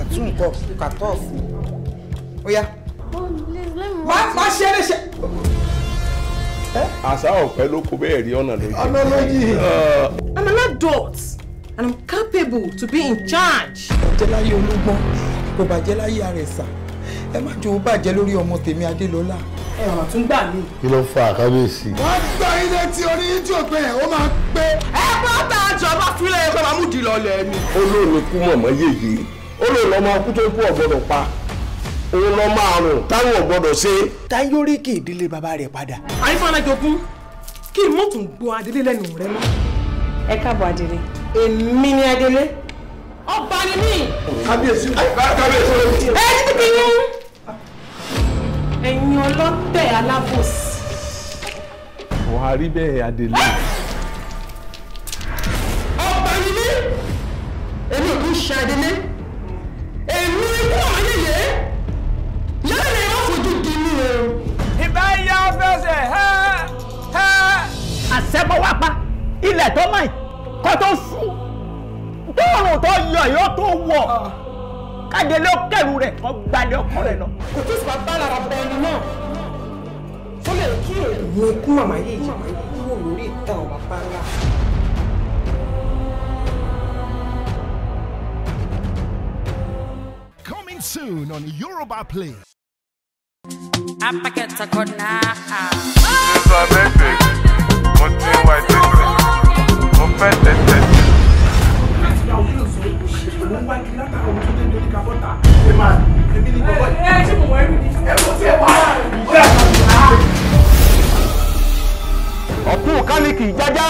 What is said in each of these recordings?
àtúntọ̀ kàtọ́ọ̀fù ó yá má ṣe é léṣe àṣà ọ̀fẹ́ ló kó bẹ́ẹ̀ rí ọ̀nà lójú. analogy. Uh. I'm an adult and I'm capable to be in charge. bàjẹ́ láyé olúgbọ́n kò bàjẹ́ láyé àrẹ̀sà ẹ má jòwó bàjẹ́ lórí ọmọ tèmi adélọ́lá ẹ̀ràn tún gbà mí. kí ló fa àkábíyèsí. wọ́n gbọ́ ilé tí orí tí ò pé yẹn ó máa pé. ẹ bá tá a jọ bá fílẹ̀ ẹ bá mú dìlọ́lẹ̀ mi. ó lóun ní kú mọ̀mọ́ yéye ó lóun lọ́mọ kú tó kú ọ̀gbọ́dọ̀ pa òun lọ máa rùn táwọn ọ̀gbọ́dọ̀ ṣe. táyọ̀ rí kí ìdílé bàbá rẹ̀ padà. àyífọ́nà jogún kí mọ́tò ń gbọ́ adélé lẹ́nu rẹ mọ́. ẹ káàbọ̀ adélé. èmi ni adélé. ọba ẹ̀yin ọlọ́tẹ̀ alábòsí. wàá rí bẹ́ẹ̀ adèlè. ọba ni mí èmi ò tún ṣe adèlè èmi ikú ayẹyẹ yálà ni wọn fojú di mí o. ìbá ya fẹsẹ̀ hẹ́ hẹ́. àṣẹmọ́wá pa ilẹ̀ tó mọ̀ kó tó sùn tóòrùn tó yọ yóò tó wọ̀. Ah káde ló kẹrù rẹ̀ kọ́ gbalẹ̀ ọkọ rẹ̀ lọ. kò tó sì máa bá lára bọ ẹni náà tó lè kí èèyàn ikú màmá yìí kúrò lórí ìtàn bàbá ńlá. Coming soon on Yoruba Play. Apakẹta kọ́nà. Jésù abẹ́gbẹ̀, mo ti ń wá tẹ̀sẹ̀, mo fẹ́ tẹ̀sẹ̀. Láti gba òkè òsòwò, mo ń wá kí látàrí ní kábọ́tà ẹ máa èmi ní gbogbo mo wọ mo ti ẹ wá ọjà ọ̀tún kálíkì jájá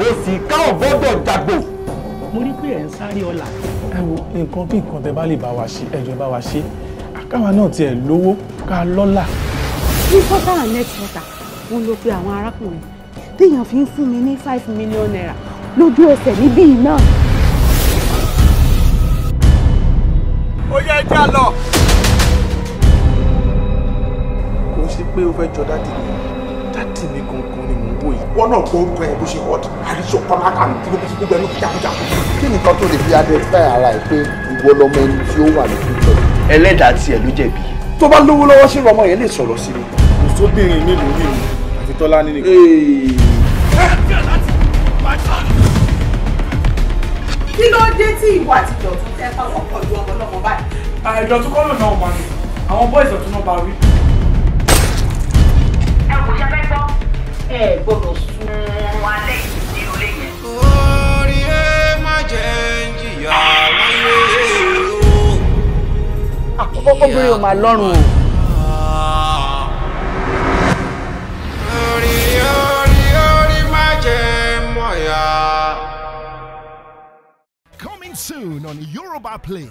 òsì ká ọ̀gbọ́dọ̀ jàgbò. mo rí pé ẹ̀ ń sáré ọ̀la. ẹ wo nǹkan bí nǹkan tẹ bá lè bá wa ṣe ẹjọ́ bá wa ṣe àkáwa náà tiẹ̀ lówó ká lọ́là. ní fọ́tà wọn ló pe àwọn arákùnrin téèyàn fi ń fún mi ní five million naira lójú ẹsẹ̀ níbí náà. ó yẹ ẹjẹ́ àlọ́. kò ṣe pé ó fẹ́ jọ dáàdì mi dáàdì mi gangan ni mò ń wò yìí. wọ́n náà gbọ́ orúkọ yẹn bó ṣe hot àríṣọ kọ́lákà mi tí gbogbo gbogbo ẹnu kìjàkìjà. kí nìkan tó lè fi adẹ́fẹ́ ara ẹ̀ pé ìwọ lọmọ ẹni tí ó wà lójú ìjọ ẹlẹ́dàá tiẹ̀ ló jẹ̀bi. tó bá lówó lọ́wọ́ sí ọmọ yẹn lè sọ̀rọ̀ sí mi. kò sóbìnrin nílùú nílùú àti tọ́lá nínú kí ló dé tí ìwọ àti ìdọ̀tún fẹ́ fáwọn ọkọ̀ ju ọmọ báyìí. Ah, ìdọ̀tún kọ́ lòun náà wà ní àwọn bọ́ọ̀sì ọ̀tún náà bá rí. ẹ kò ṣe fẹ́ gbọ́ ẹ gbọ́dọ̀ sun alẹ́ ìdí olè yẹn. orí ẹ má jẹ́ ń jìyà wáyé. obìnrin ò máa lọ́rùn o. soon on Yoruba Play.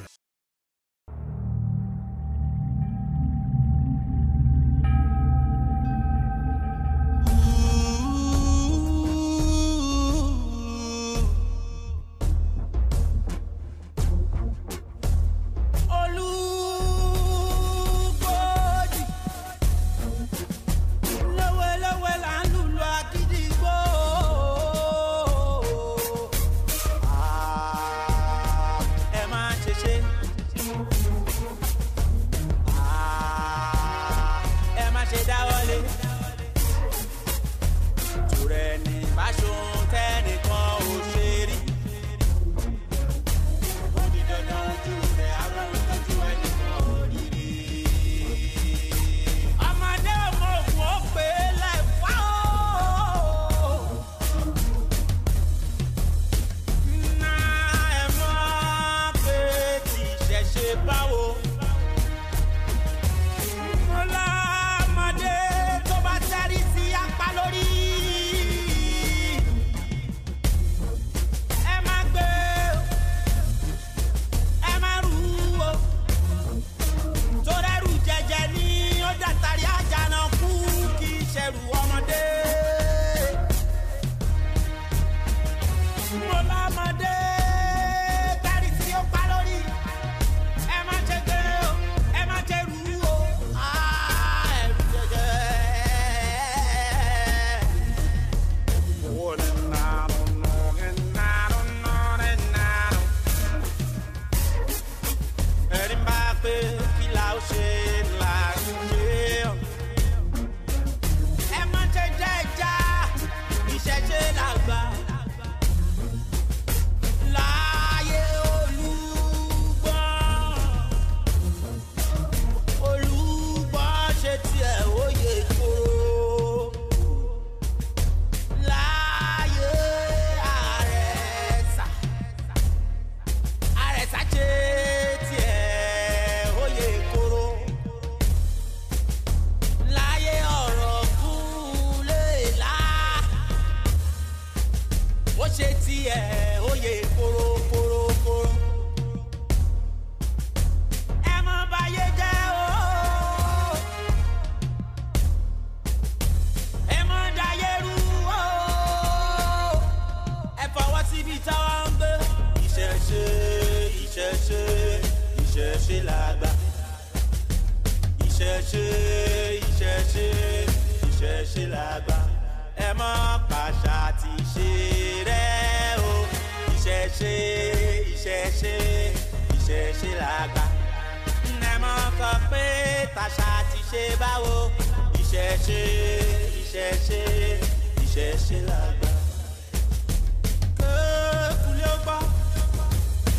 Natal.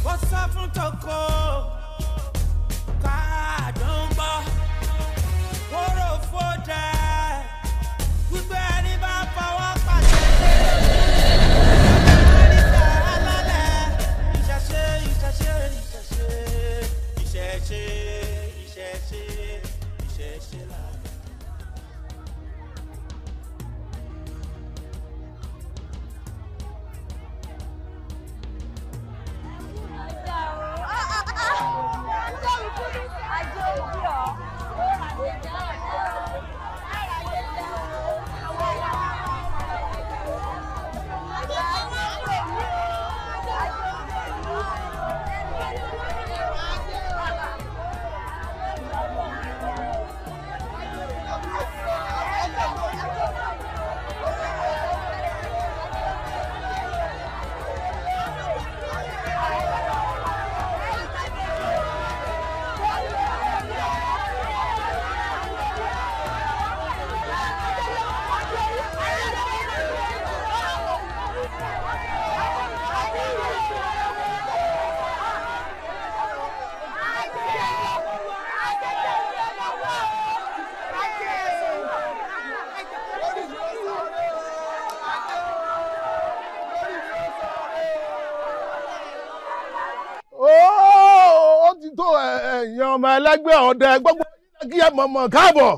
What's up from Toko? jẹ́ mọ̀mọ́ káàbọ̀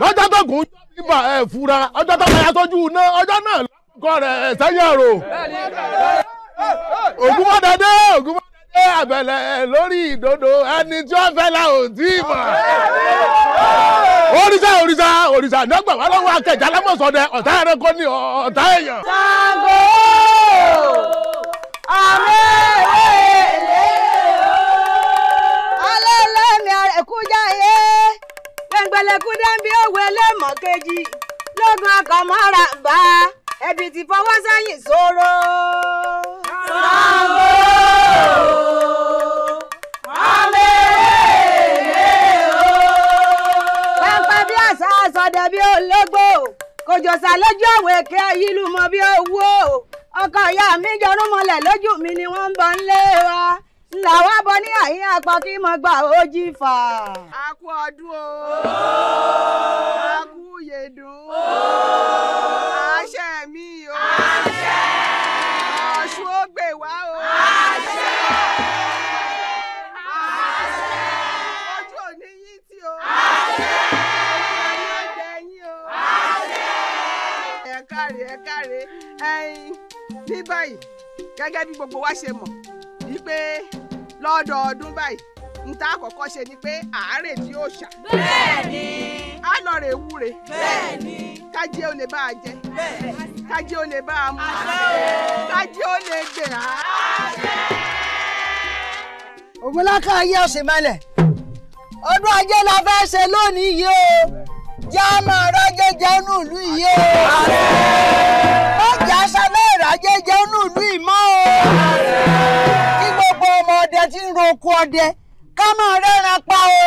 lọ́jọ́ tó gùn ibà ẹ̀ fura ọjọ́ tó kàyà sójú iná ọjọ́ náà lọ́kọ̀ rẹ̀ ẹ̀ sẹ́yìn àrò ògúnmọ́dẹ́dẹ́ ògúnmọ́dẹ́dẹ́ àbẹ̀lẹ̀ lórí ìdodo ẹni tí wọ́n fẹ́ la ò tí ì mọ̀ òrìṣà òrìṣà òrìṣà nígbà wà lọ́wọ́ akẹ́jà lámọ̀sọ̀dẹ ọ̀tá ẹranko ni ọ̀tá èèyàn. ẹkúndé ń bí òwe lẹ́mọ̀ kejì lógun ọkọ̀ mọ́ra ń bá ẹbí ti fọwọ́ sẹ́yìn sóró. Ṣàngó amẹ́rẹ́ o. pẹ́ńpẹ́ bí àṣà àṣọdẹ bí olégbò kòjòsà lójú àwọn èké ayílùmọ̀ bí owó ọkọ̀ ìyá mi jọrún mọ́lẹ̀ lójú mi ni wọ́n ń bọ̀ ń lé wa làwa bọ ní àyín apá kí mo gbà ó jí fà. a kú ọdún o a kú yèdùn o àṣẹ mi o àṣẹ ọ̀ṣun ó gbè wá o àṣẹ àṣẹ ojú òní yín tí o àṣẹ ọmọ ọjẹ yín o àṣẹ ẹ káre ẹ káre ẹyin ní báyìí gẹ́gẹ́ bí gbogbo wa ṣe mọ̀ wípé. lọ́dọọdún báyìí nta àkọ́kọ́ ṣe ni pé àárẹ̀ tí ó ṣà. a lọ ewu wúre. bẹẹni. kájí ó lè bá a jẹ. kájí ó lè bá a mú. àṣẹ. kájí ó lè gbè ògúnlákà ayé ọ̀sẹ̀ mẹ́lẹ̀ ajé la fẹ́ ṣe lónìí yìí o jẹ́ a máa rájẹ́ jẹ́nu ìlú yìí o. ìrájẹ́ jẹ́nu ìlú o. ọdẹ tí ń ro oko ọdẹ ká máa rẹ́ran pa o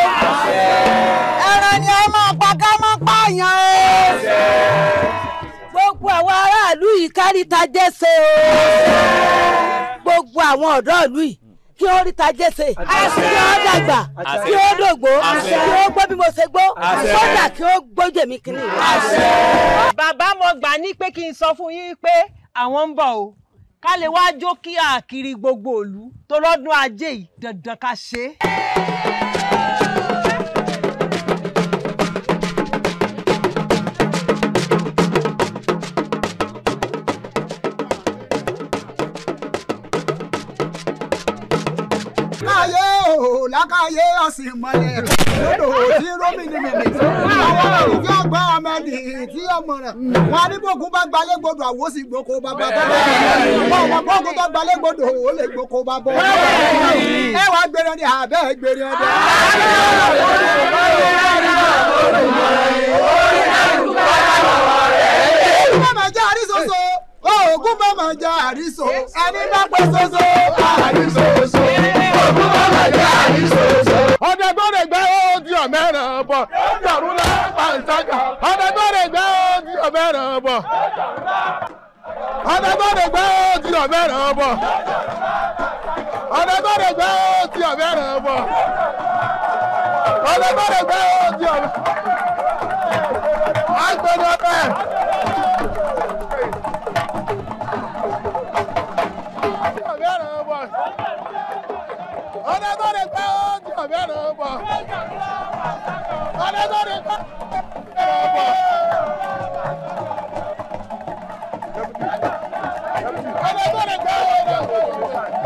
ẹran ni a máa pa ká máa pààyàn o gbogbo àwọn aráàlú yìí káríta jẹ́sẹ̀ o gbogbo àwọn ọ̀dọ́ ìlú yìí kí ó rí ta jẹ́sẹ̀ kí ó dàgbà kí ó dògbò kí ó gbọ́ bí mo ṣe gbọ́ kódà kí ó gbójú èmi kiri. bàbá mo gbà ní pé kí n sọ fún yín pé àwọn ń bọ̀ o ká lè wá jó kí àkiri gbogbo ìlú tó lọ́dún ajé yìí dandan ká ṣe é. lákàyè àsìmọ̀lẹ̀ lódò tí rómìnìmìnì àwọn ìdí ọgbà ọmọdé tí ọmọ rẹ̀ wọn arígbòkun bá gbalẹ̀ gbọdọ̀ àwo sì gboko bàbá bàbá wọn ọmọ gbọ́kun tó gbalẹ̀ gbọdọ̀ ó lè gboko bàbá ẹ wàá gbèrè ni àbẹ́ gbèrè ọdẹ. Bàbá jẹ́ àrísoso, oògùn bàbá jẹ́ àríso, ẹni bá pẹ́ soso, àrísoso òkú bàbá jẹ́ àdìsòsò. ọ̀dẹ gbọ́dọ̀ gbẹ́ ó di ọ̀mẹ́ràn bọ̀. ẹ̀ẹ́dọ̀rún náà pàǹtàkà. ọ̀dẹ gbọ́dọ̀ gbẹ́ ó di ọ̀mẹ́ràn bọ̀. ọ̀dẹ gbọ́dọ̀ gbẹ́ ó di ọ̀mẹ́ràn bọ̀. ọ̀dẹ gbọ́dọ̀ gbẹ́ ó di ọ̀mẹ́ràn bọ̀. ọ̀dẹ gbọ́dọ̀ gbẹ́ ó di ọ̀mẹ́ràn bọ̀. Come on ọ̀nà tó lè pa ó ti ọ̀bẹ rẹ̀ ó bọ̀ ọ̀nà tó lè pa ó bọ̀. ọ̀nà tó lè pa ó bọ̀.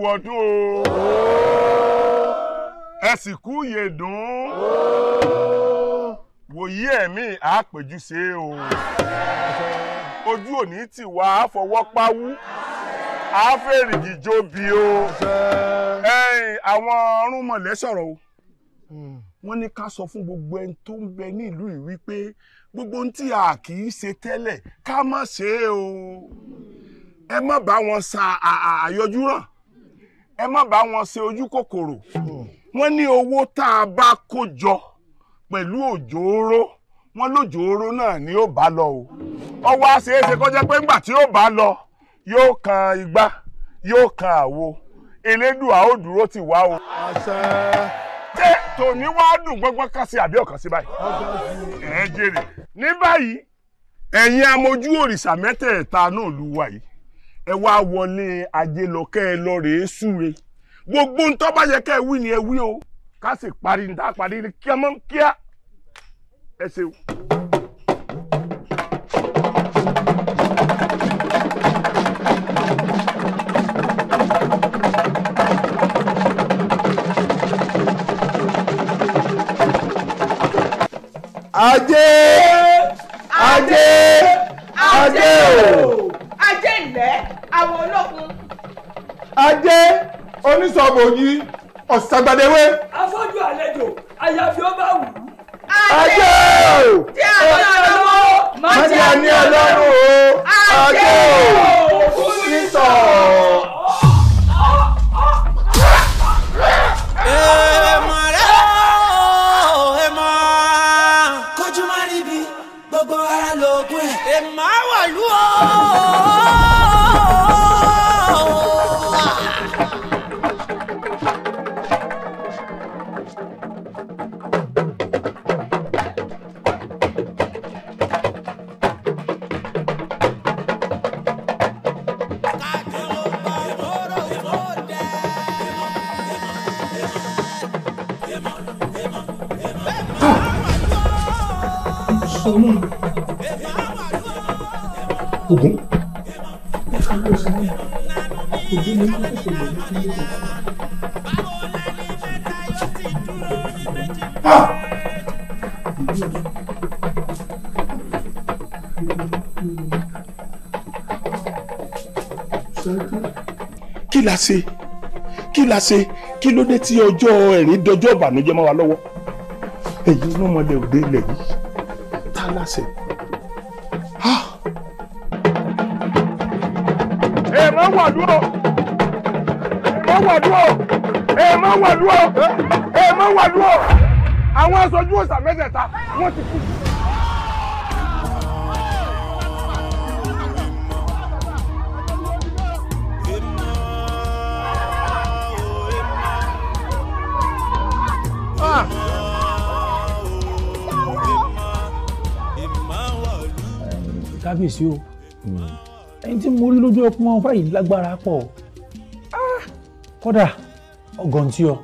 kú ọdún o ẹ sì kú yèdùn wòyí ẹ̀mí àpèjú o ojú òní ti wà á fọwọ́ pawú á fèrè jíjó bi o ẹ̀yin àwọn rúnmọ̀lẹ́ sọ̀rọ̀ o wọ́n ní ká sọ fún gbogbo ẹni tó ń bẹ ní ìlú yìí wípé gbogbo ohun tí a kì í ṣe tẹ́lẹ̀ ká má ṣe é o ẹ má bá wọn sa àyọjú ràn ẹ má bá wọn ṣe ojú kòkòrò wọ́n ní owó tá a bá kó jọ pẹ̀lú òjòòró wọ́n lójòòró náà ni ó bá lọ o ọwọ́ àṣeéṣe kọjá pé ńgbà tí ó bá lọ yóò kan igba, yóò kan àwo elédùà ó dúró tì wá o. ṣé tòní wá dùn gbọ́ngbọ́n ká sí àbí ọ̀kan sí báyìí. ẹ jèrè ní báyìí ẹ̀yin amójú òrìṣà mẹ́tẹ̀ẹ̀ta náà lù wá yìí ẹ wá wọlé ajé lọ kẹ́ ẹ lọ rèé súre gbogbo ń tọ́ bá yẹ ẹ wí ni ẹ wí o ká sì parí ní tá parí ní kíá ẹ ṣeun. ajé o. ajé onísọ̀bòjì ọ̀sàgbàdéwé. afọ́jú àlejò àyàfi ó bá wù ú. ajé o tí a bá lọ́wọ́ máa ti àní ọlọ́run o ajé o sísọ. ọlọ́run ogun ogun ni wọ́n ṣe lè ní kílé tó. kí la ṣe kí la ṣe kí ló dé tí ọjọ́ ẹ̀rín dọjọ́ ìbànújẹ́ mọ́ wa lọ́wọ́ èyí ló mọlẹ̀ òde ilẹ̀ wàdúrò ẹ má wàdúrò ẹ má wàdúrò àwọn aṣojú òòsà mẹ́tẹ̀ẹ̀ta wọ́n ti kú. kábíyèsí o ẹni tí mo rí lójú ọpọ́n fáyì lágbára pọ̀ kódà ọgàn tí ọ.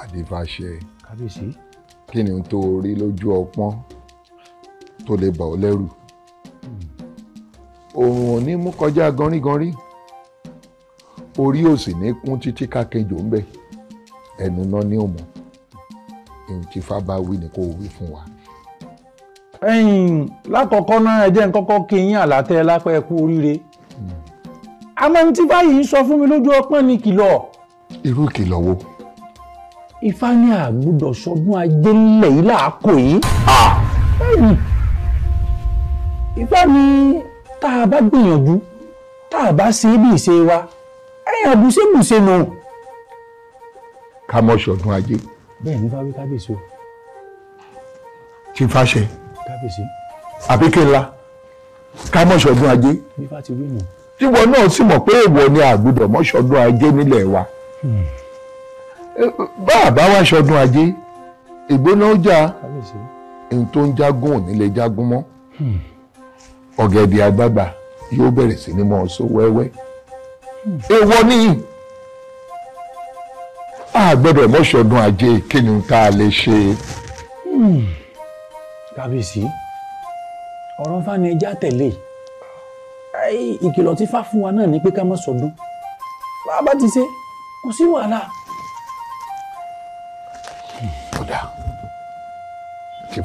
àdìfàṣẹ. kábíyèsí. kí ni n tó rí lójú ọpọ́n tó lè bà ọ́ lẹ́rù. òun ò ní mú kọjá ganríganrí orí ò sì ní kún títí kákejò ń bẹ ẹnu náà ní òmò èyí tí fábá wí ni kò wí fún wa. ẹ̀yin lákọ̀ọ́kọ́ náà ẹ jẹ́ n kọ́kọ́ kí yín àlàtẹ́ lápẹ́ kú oríire. Hmm àmọ́ tí báyìí ń sọ fún mi lójú ọpọ́n ni kìlọ̀. irú kìlọ̀ wo. ifá ní àgbúdọ̀ sọdún ajé ńlẹ̀ yìí làákò yìí. bẹ́ẹ̀ni ifá ní tá a bá gbìyànjú tá a bá ṣe bí ìṣe wa ẹ̀yìn àbùṣẹ́bùṣẹ́ nù. ká mọ̀ sọdún ajé. bẹ́ẹ̀ ni fáwí kábíyèsí o. kí fa ṣe. kábíyèsí. àbíkẹ́ ká mọ̀ sọdún ajé. bí fá ti wí nù tíwọ náà sì mọ̀ pé èèwọ̀ ni àgbùdọ̀ mọ́ṣọ́dún ajé nílẹ̀ wa hmm. bá a bá wá ṣọdún ajé ìgbóná ọjà ẹni tó ń jagun ò ní lè jagun mọ́ hmm. ọ̀gẹ̀dẹ̀ àgbààgbà yóò bẹ̀rẹ̀ sí ní mọ́ ọ sọ wẹ́wẹ́ èèwọ̀ nìyí a gbọ́dọ̀ mọ́ṣọ́dún ajé kí ni tá a lè ṣe. Hmm. kábíyèsí ọ̀rọ̀ fani ẹja tẹ̀lé yìí ìkìlọ̀ tí fá fún wa náà ni pé ká má sọdún bá a bá ti ṣe kò sí wàhálà. kódà kí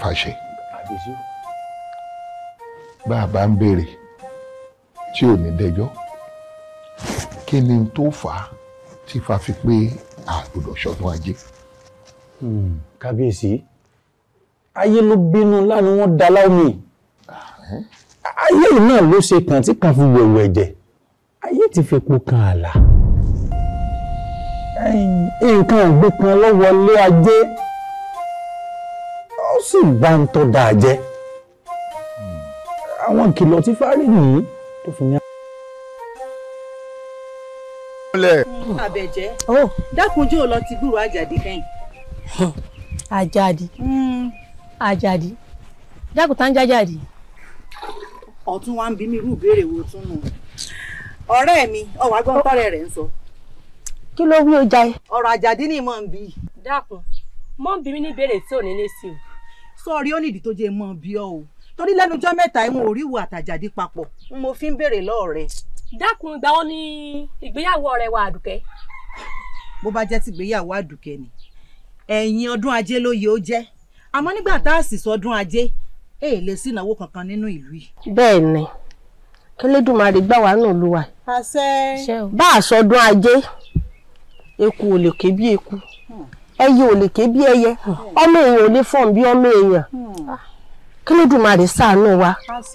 bá a bá ń béèrè tí ò ní dẹjọ́ kí ni tó fà á tí fà fi pé àgbọ̀dọ̀ ṣọdún ajé. Hmm, kábíyèsí ayé ló bínú lánàá wọn dá láwọn mi. Ah, ayé náà ló ṣe kàn tí kan fi wẹ̀wẹ̀ ẹ̀jẹ̀ ayé ti fi epo kan àlà nǹkan àgbẹ̀ kan ló wọlé ajé ó sì bá ń tọ́ dáa jẹ́ àwọn ìkìlọ̀ tí fárí nìyí tó fi ní. àbẹ̀jẹ́ oh. dákunjú lọ ti gbúrò àjàdí kẹ́yìn. àjàdí hmm. àjàdí dákun tá ń jájàdí ọ̀tún wa ń bí mi irú ìbéèrè wo tún nù. ọ̀rẹ́ mi ọwọ́ agbọ́n tọ́rẹ̀ rẹ̀ ń sọ. kí ló wí ọjà ẹ. ọ̀rọ̀ àjàdí ni mò ń bí. dákun mò ń bí mi ní ìbéèrè tí ò ní lè sí o. sọ́ọ̀rí ó nídìí tó jẹ́ mọ́ bí ọ o torí lẹ́nu jọ́ mẹ́ta ìwọ̀n orí ìwà àtàjàdí papọ̀ n mo fi ń béèrè lọ́ọ̀ rẹ. dákun ìgbà wo ni ìgbéyàwó ọ̀rẹ́ wa àdùkẹ́. bó bá jẹ́ tìgbéyàwó àdùkẹ́ ni ẹ̀yìn ọdún ajé ló yẹ ó jẹ́ àmọ́ nígbà tá a sì sọdún ajé ẹ lè sí ìnáwó kankan nínú ìlú yìí. bẹ́ẹ̀ ni kẹlẹ́dùnmarè gbà wá náà ló wà. àṣẹ. bá ajé eku ò lè ké bí eku hmm. ẹyẹ ò lè ké bí ẹyẹ hmm. ọmọ èèyàn ò lè fọ̀n bí ọmọ èèyàn hmm. ah. kẹlẹ́dùnmarè ṣàánú wa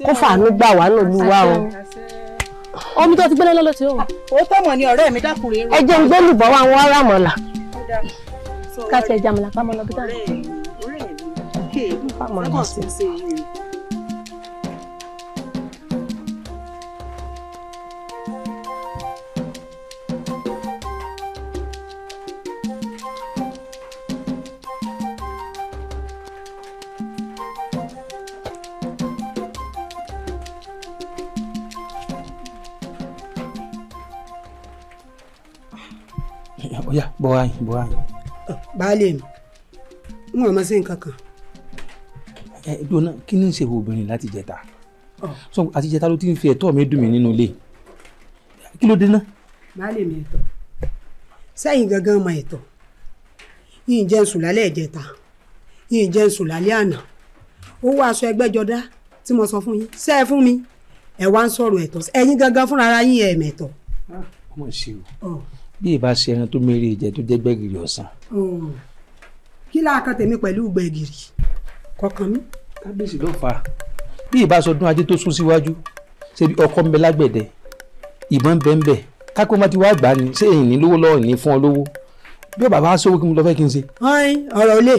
kó fàánú gbà wá náà ló wà o. omi tó ti gbẹ́lẹ́ lọ́lọ́ ti hàn. ó ni mi dákùnrin. rà Come on, Martin. bọ́wáyìn bọ́wáyìn. baálé mi wọn ò mọ sí nǹkan kan ẹ dona kí ni ń ṣe obìnrin láti jẹta so àti jẹta ló ti ń fi ẹ̀tọ́ mi dùn mí nínú ilé kí ló dé ná. baálé mi ẹ̀tọ́ sẹ́yìn gangan mọ ẹ̀tọ́ yìí ń jẹ́ ń sùn lálẹ́ ìjẹta yìí ń jẹ́ ń sùn lálẹ́ àná owó aṣọ ẹgbẹ́jọdá tí mo sọ fún yín ṣe é fún mi ẹ wá ń sọ̀rọ̀ ẹ̀tọ́ ẹ̀yin gangan fúnra yín ẹ̀ mẹ̀tọ́. ọmọ ìṣirò bí ìbá ṣe ẹran tó mérè ìjẹ tó jẹ gbẹ̀gìrì ọ̀sán. kí láàkàn pẹ̀lú gbẹ̀gìrì ọkàn mi kábíyèsí ló fà á bí ìbáṣọdún ajé tó sún síwájú ṣebí ọkọ ń bẹ lágbẹ̀dẹ ìbọn bẹ ń bẹ kápẹ́ má ti wá gbà ní ṣé èyí ní lówó lọ́wọ́ ní fún ọ lówó bí ọba bá sówó kí mo lọ fẹ́ kí n ṣe. ọ̀hìn ọ̀rọ̀ olè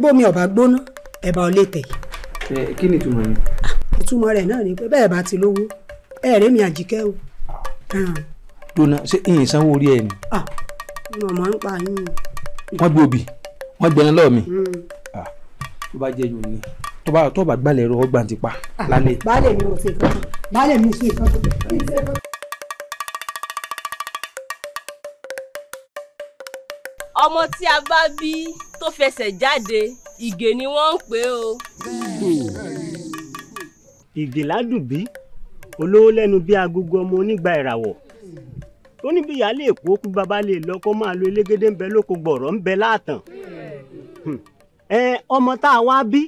bómi ọba gbóná ẹ̀bà olè tẹ̀. ẹ kí ni ìtumọ̀ yẹn. ìtumọ̀ rẹ̀ náà ni pé bẹ́ẹ̀ bá ti lówó ẹ rẹ́ mi àjíkẹ́ o. dona ṣé ìyìn sanwó orí ẹ ni. mọ̀mọ́ ń pa yín. wọ́n gbé obì wọ́n gbẹ̀rẹ̀ lọ́ọ̀ mi. Hmm tó bá jẹ́ yòó ni tó bá tó bá gbalẹ̀ rọ ọgbà ti pa ah, lálẹ́. baálẹ̀ mi ò ṣe kan baálẹ̀ mi ṣe kan. ọmọ tí a bá bí tó fẹsẹ̀ jáde ìgè ni wọ́n ń pè o. ìgè ládùbí olówó lẹ́nu bíi agogo ọmọ onígbà ìràwọ̀ tó ní bí ìyáálé èkó kú bàbá lè lọ kó máa lo elégédé ń bẹ lóko gbọ̀rọ̀ ń bẹ láàtàn. Hmm. ẹ ọmọ tá a wá bí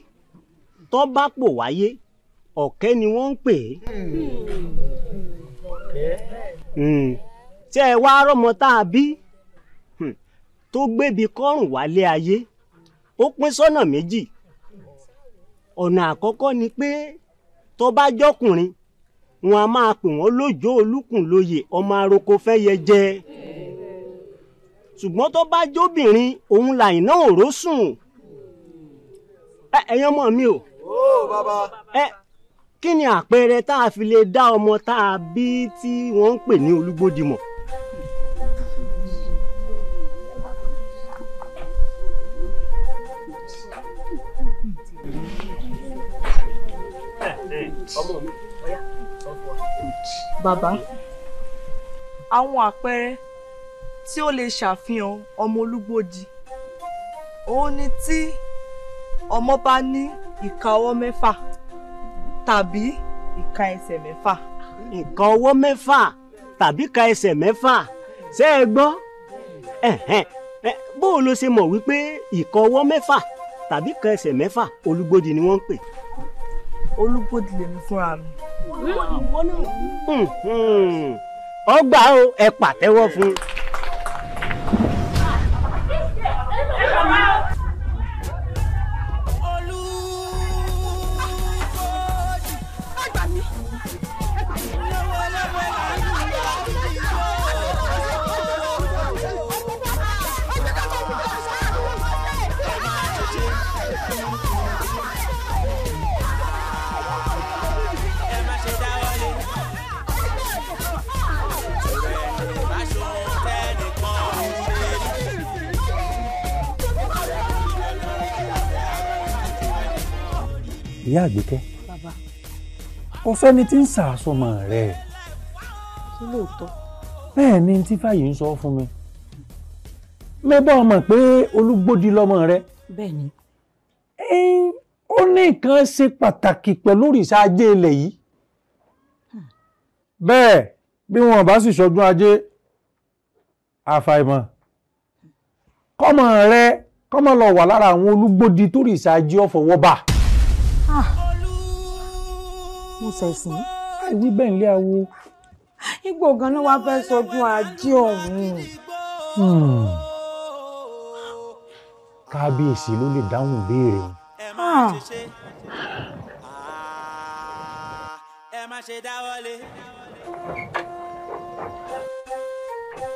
tó bá pò wáyé ọ̀kẹ́ ni wọ́n ń pè é tí hmm. ẹ wá rọmọ tá a bí hmm, tó gbébi kọ́rùn wálé ayé ó pín sọ́nà méjì ọ̀nà àkọ́kọ́ ni pé tó bá jọkùnrin wọn a máa pè wọ́n lójó olúkúnlóye ọmọ aroko fẹ́ yẹ jẹ ṣùgbọ́n tó bá jóbìnrin òun làyìn náà ò ró sùn. ẹ̀yin ọmọ mi o. ó oh, bàbá. ẹ kí ni àpẹẹrẹ tá a fi lè dá ọmọ tá a bí tí wọ́n ń pè ní Olúgbòdì mọ̀. bàbá àwọn àpẹẹrẹ tí ó lè ṣàfihàn ọmọ Olúgbòdì òun ni tí ọmọ bá ní ìka ọwọ́ mẹ́fà tàbí ìka ẹsẹ̀ mẹ́fà. ìka ọwọ́ mẹ́fà tàbí ìka ẹsẹ̀ mẹ́fà ṣé ẹ gbọ́ bó o ló ṣe mọ̀ wípé ìka ọwọ́ mẹ́fà tàbí ìka ẹsẹ̀ mẹ́fà olúgbòdì ni wọ́n ń pè. olúgbòdì lèmi fúnra mi. olúgbòdì wọ́n náà. ọgbà o ẹ pàtẹ́wọ́ fún un. ìyá àgbékẹ́ kò sẹ́ni tí ń sàásọmọ rẹ̀ bẹ́ẹ̀ ni tí fàyè ń sọ fún mi mẹ́bọ̀ mọ̀ pé olúgbódì lọ́mọ rẹ̀ bẹ́ẹ̀ni ó ní nǹkan ṣe pàtàkì pẹ̀lú òrìṣà ajé ilẹ̀ yìí hmm. bẹ́ẹ̀ bí wọn bá sì ṣọdún ajé àfàìmọ̀ kọ́mọ rẹ̀ kọ́mọ lọ wà lára àwọn olúgbódì tó rìṣà ọ̀fọ̀wọ́ bá mo ṣẹ̀sìn. àìwí bẹ́ẹ̀ ń lé awo. igbó ganan wàá fẹ́ sọdún ajé ọ̀hún. Hmm. Hmm. kábíyèsí ló lè dáhùn ìbéèrè wọn.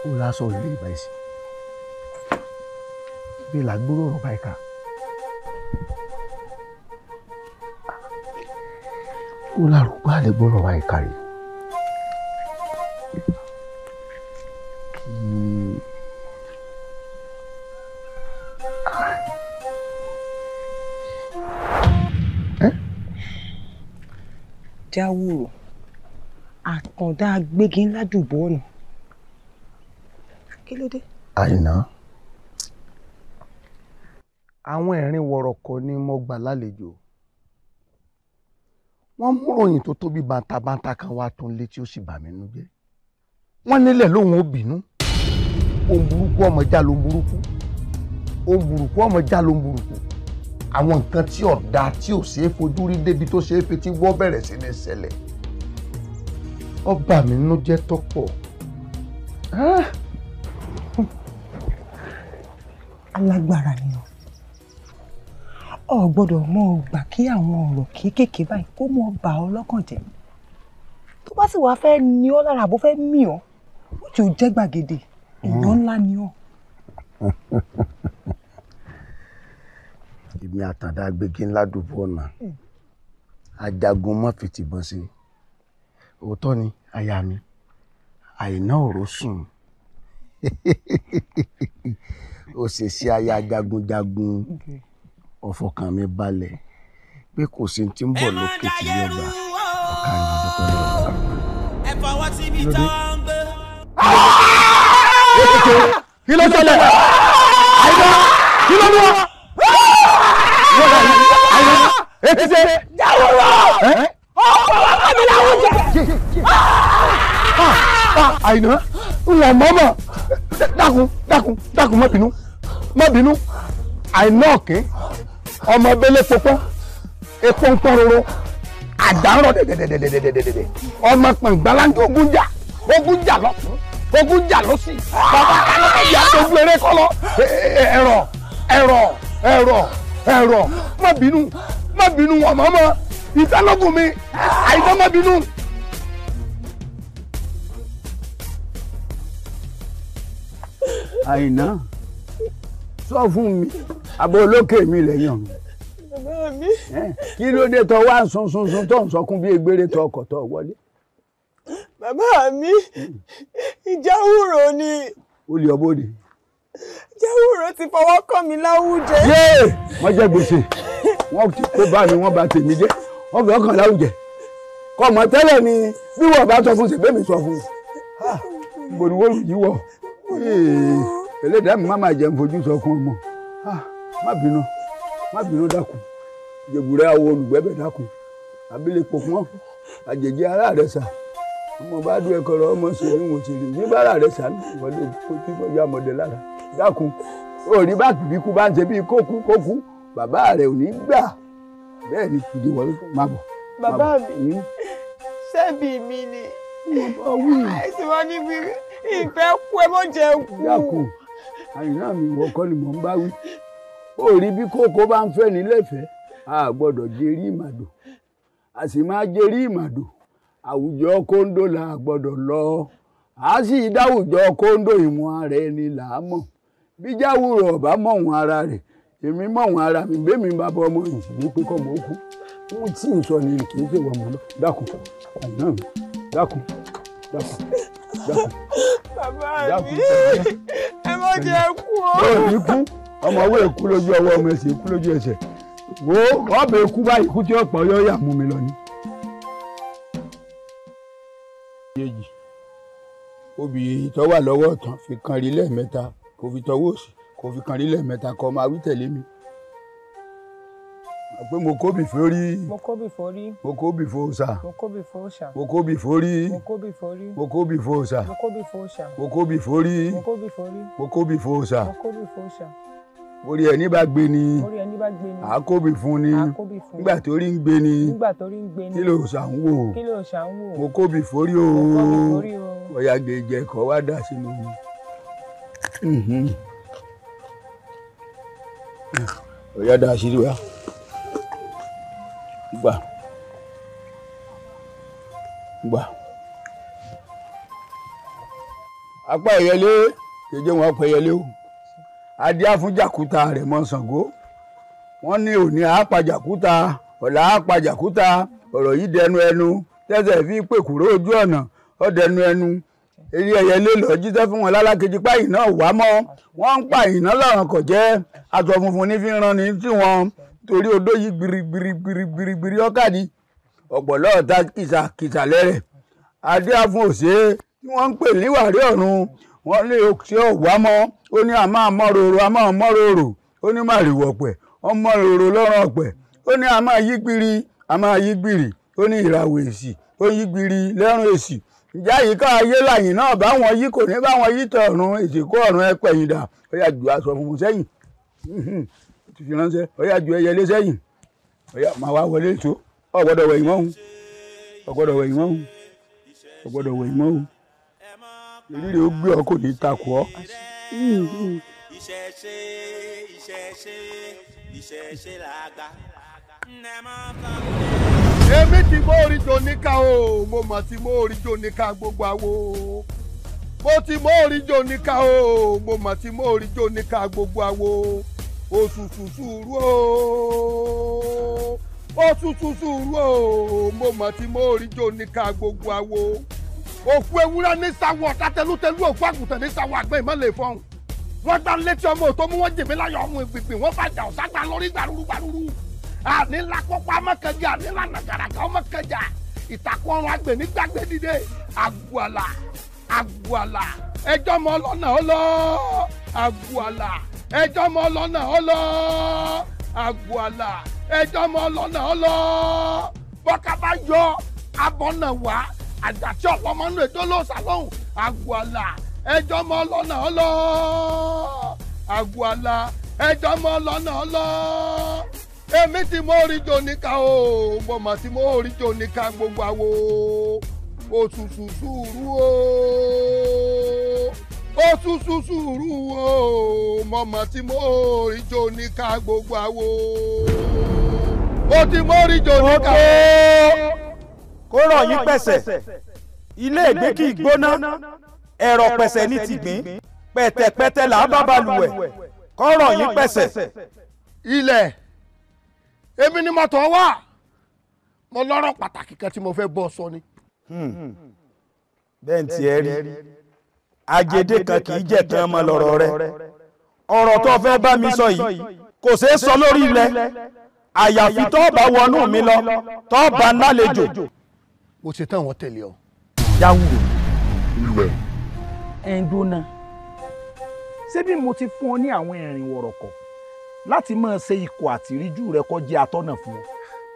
ó lásán ìlú ìbáyìí sí bí làgbúrò ọ̀rọ̀ báyìí kà. ó lárúgbá lè gbọ́rọ̀ wá ìkàrí kí jáwòrò àkàndá gbégi ńlá jùbọ ọnà kí ló dé. àìná àwọn ẹ̀rín wọ̀rọ̀kọ̀ ni mo gbà lálejò wọ́n mú ròyìn tó tóbi bàǹtàbàǹtà kan wá tó ń létí ó sì bà mí nú jẹ́ wọ́n nílẹ̀ lóhùn ó bínú ohun burúkú ọmọ já ló ń burúkú ohun burúkú ọmọ já ló ń burúkú àwọn nǹkan tí ọ̀dà tí ò ṣeé fojú rí débi tó ṣeé fetí gbọ́ bẹ̀rẹ̀ sí ní ṣẹlẹ̀ ó bà nú jẹ́ tọ́pọ̀ ah! alágbára ni o ọ gbọ́dọ̀ mọ gbà kí àwọn ọ̀rọ̀ kéékèèké báyìí kó mọ bà ọ lọ́kàn jẹ́ tó bá sì wàá fẹ́ ní ọ lára àbó fẹ́ mì ọ ó ti ò jẹ́ gbàgede èèyàn ńlá ni ọ. èmi àtàndá gbégi ńlá dùbò ọ̀nà hmm. ajagun mọ́ fìtìbọn sí òótọ́ ni aya mi àìná òró sùn ó ṣèṣe aya jagunjagun. Okay ọ̀fọ̀kàn mi balẹ̀ pé kò sí ti ń bọ̀ lókè tí yóò gbà ọ̀ka yìí dúpẹ́ lọ́wọ́. ẹ fọwọ́ síbi tó ń gbé. kí ló ṣẹlẹ̀ àyíká kí ló mú wa. àyíká etí ṣe. jáwúrò ọkọ wa kọ́ mi láwùjọ. àyìnà ń wọ̀ mọ́mọ́ dákun dákun dákun má bínú má bínú àìnáàkín ọmọ ebélé popó epo ń pọ́n roro àdárọ̀ dẹ̀dẹ̀dẹ̀dẹ̀dẹ̀dẹ̀ ọmọ pàǹgbáláńdé ogun jà ogun jà lọ́tún ogun jà lọ́sì bàbá alákàjà tó gbé eré kọ́ lọ ẹ̀rọ ẹ̀rọ ẹ̀rọ ẹ̀rọ má bínú má bínú ọmọ ọmọ ìtẹ́lọ́gùn mi àìsàn má bínú. àìná sọ fún mi abo olókè mi lẹ́yìn ọ̀run kí ló dé tó wá ń sun sun sun tó ń sọkún bí egbére tó ọkọ̀ tó wọlé. bàbá mi hmm. ìjáwúrò ni. olè ọbọdè. ìjáwúrò ti fọwọ́ kàn mí láwùjẹ. yéè wọ́n jẹ gbèsè wọ́n ti kó bá mi wọ́n bà tèmi jẹ́ wọ́n fi ọkàn láwùjẹ kọmọ tẹ́lẹ̀ ni bí wọ́n bá sọ fún ṣègbè mi sọ fún un ah, gbòdúwòrù yìí wọ elédàá mi má máa jẹun fojú sọ fún ọmọ má bínú má bínú dákun jẹ̀bùrẹ́ àwọn olùgbẹ́bẹ̀ dákun abilékò pọ́n àjèjì ara rẹ̀ sà ọmọ bá dún ẹ̀kọ́ rẹ̀ ọmọ sì ní wọ́n sì rí ní bára rẹ̀ sà wọlé kókí kó yá ọmọdé lára dákun òní bá bíbí kú bá ń ṣe bíi kókú kókú bàbá rẹ̀ ò ní gbà bẹ́ẹ̀ ni fìdí wọlé má bọ̀. bàbá mi ṣebí mi ni àìsí wọn ní ìfẹ́ kú ẹ mọ̀ jẹ́ kú. dákun àyìnlá mi wọ́kọ́ ni mò ń bá wí ó rí bí kókó bá ń fẹ́ nílẹ̀fẹ́ a gbọ́dọ̀ jerí ìmàdò a sì máa jerí ìmàdò àwùjọ kóńdó la gbọ́dọ̀ lọ a sì dáwùjọ kóńdó ìwọ̀n ara ẹni là á mọ̀ bí jáwùrọ̀ ọ̀bá mọ̀wọ̀n ara rẹ̀ èmi mọ̀wọ̀n ara mi bẹ́mi bá bọ ọmọ yìí ní pé kọ́ mọ̀ ó kú wọ́n tí ì sọ ni kì í ṣe wà mọ́ lọ dákun àná mi dákun dákun dákun. bàbá mi ẹ má jẹ́ kú o. bẹ́ẹ̀ ni kú ọmọ owó èkú lójú ọwọ́ ọmọ ẹsẹ̀ èkú lójú ẹsẹ̀ wo ọbẹ̀ èkú báyìí kú tí ọ̀pọ̀ yóò yà mú mi lọ ni. obì tó wà lọ́wọ́ ọ̀tàn fi kan rí lẹ́ẹ̀mẹ́ta kò fi tọwọ́ òsì kò fi kan rí lẹ́ẹ̀mẹ́ta kọ́ máa wí tẹ̀lé mi. pé mo kó bì forí. mo kó bì forí. mo kó bì fòòṣà. mo kó bì fòòṣà. mo kó bì forí. mo kó bì forí. mo kó bì fòòṣà orí ẹni bá gbé ni àkóbì fún ni nígbà tó rí ń gbé ni kí ló ṣàǹwò mo kóbì forí o ọ̀yà gbèjẹ kọ́ wá dà sínú mi. ọ̀yà mhm. dà sí wa gbà gbà apá ìyẹlé kejì wọn apá ìyẹlé o adíá fún jàkúta rẹ̀ mọ́ Ṣàngó wọ́n ní òní àápàjàkúta ọ̀la àápàjàkúta ọ̀rọ̀ yìí dẹnu ẹnu tẹ́sẹ̀ fi pèkúrò ojú ọ̀nà ọ̀dẹnu ẹnu eré ẹyẹ lé lọ jíṣẹ́ fún wọn lálákejì páyìn náà wá mọ́ wọ́n ń páyìn náà lọ́rùn kọ̀ jẹ́ aṣọ funfun ní fi ran ní tí wọ́n torí odó yìí gbirigbirigbirigbiri ọ̀kadì ọ̀pọ̀lọ́ ọ̀tá kìsàkìsà lẹ́rẹ̀ adíá fún òṣèré tí wọ́n ń pè níwàrí ọ̀run wọ́n lé ṣé ò wá mọ́ ó ní àmọ́ àmọ́ròrò àmọ́ àmọ́ròrò ó ní màrìwò ọ̀pẹ̀ ọmọròrò lọ́rùn ọ̀pẹ̀ ó ní àmọ́ àyígbìrì àmọ́ àyígbìrì ó ní ìràwọ̀ èsì ó yígbìrì lẹ́rùn èsì ìjà yìí ká ayé làyìn náà báwọn yìí kò ní báwọn yìí tọ̀ ọ̀run èsìkó ọ̀run ẹ pẹ̀yìn dà ó yà ju aṣọ funfun sẹ́yìn fi ránṣẹ́ ó yà ju ẹyẹlé sẹ́yìn ó yà máa wá wọlé tó ọ̀gbọ́dọ̀ wẹ̀yìn mọ́ ọ̀gbọ́dọ̀ wẹ̀yìn mọ́ ọ̀gbọ́dọ̀ wẹ̀yìn mọ́ ọ̀gbọ́dọ̀ wẹ̀yìn mọ́ ọ̀gbọ́dọ̀ wẹ̀yìn mọ́ ọ̀gbọ́dọ̀ wẹ̀yìn ìrírí ó gbé ọ kò ní takò ọ. ìṣẹ̀ṣe ìṣẹ̀ṣe ìṣẹ̀ṣe làgbà èmi ti mọ orin níka o mo mọ̀ ti mọ orin níka gbogbo àwo mo ti mọ orin níka o mo mọ̀ ti mọ orin níka gbogbo àwo òṣùṣù sùúrù o òṣùṣù sùúrù o mo mọ̀ ti mọ orin níka gbogbo àwo òkú ewúrẹ́ ní sáwọ́ tatẹlútẹlú òkú àgùntàn ní sáwọ́ àgbẹ̀ ìmọ̀lẹ̀ fọ́hùn wọ́n gbá létí ọmọ òtó mú wọ́n jèmí láyọ̀ ọmọ ìgbìgbì wọ́n fàjà ọ̀sá gba lórí gbàrúrú gbàrúrú ànílá kọ́kọ́ ọmọkẹjà ànílá nàgàràgà ọmọkẹjà ìtàkùn ọrùn àgbẹ̀ nígbàgbé dìde àgùàlà àgùàlà ẹjọ́ mọ ọlọ́nà ọlọ́ àgùàlà ẹjọ́ mọ ọlọ́nà ọlọ́ àgùàlà ẹjọ́ mọ àgbà tí ọ̀pọ̀ ọmọ ètò ló sàlóhùn àgùàlà ẹjọ́ mọ́ lọ́nà ọlọ́ àgùàlà ẹjọ́ mọ́ lọ́nà ọlọ́ èmi tí o mo mọ̀ tí mo rí jò níka gbogbo àwo òtútù sùúrù o òtútù sùúrù o mo mọ̀ tí mo rí jò níka gbogbo àwo ó ti mo rí jò kó rọ̀ yín pẹ̀sẹ̀ ilé ìgbé kì í gbóná ẹ̀rọ pẹ̀sẹ̀ ní tìgbín pẹ̀tẹ̀pẹ̀tẹ̀ là á bá balùwẹ̀ kó rọ̀ yín pẹ̀sẹ̀. ilẹ̀ èmi ni mo tọ́ wá mo lọ́rọ̀ pàtàkì kan tí mo fẹ́ bọ́ sọ ni. Hmm. bẹ́ẹ̀ tí ẹ rí ajédé kan kì í jẹ́ tán mọ́ lọ́rọ̀ rẹ ọ̀rọ̀ tó fẹ́ bá mi sọ yìí kò ṣeé sọ lórí ilẹ̀ àyàfi tó bá wọnú mi lọ tó bá nálejò mo ṣe tán àwọn tẹ̀lé ọ. yàwùrọ̀ ilẹ̀. ẹ̀ǹdọ́nà ṣé bí mo ti fún ọ ní àwọn ẹ̀rìn wọ̀rọ̀kọ̀ láti máa ṣe ikọ̀ àtìríjú rẹ kó jẹ́ atọ́nà fún ọ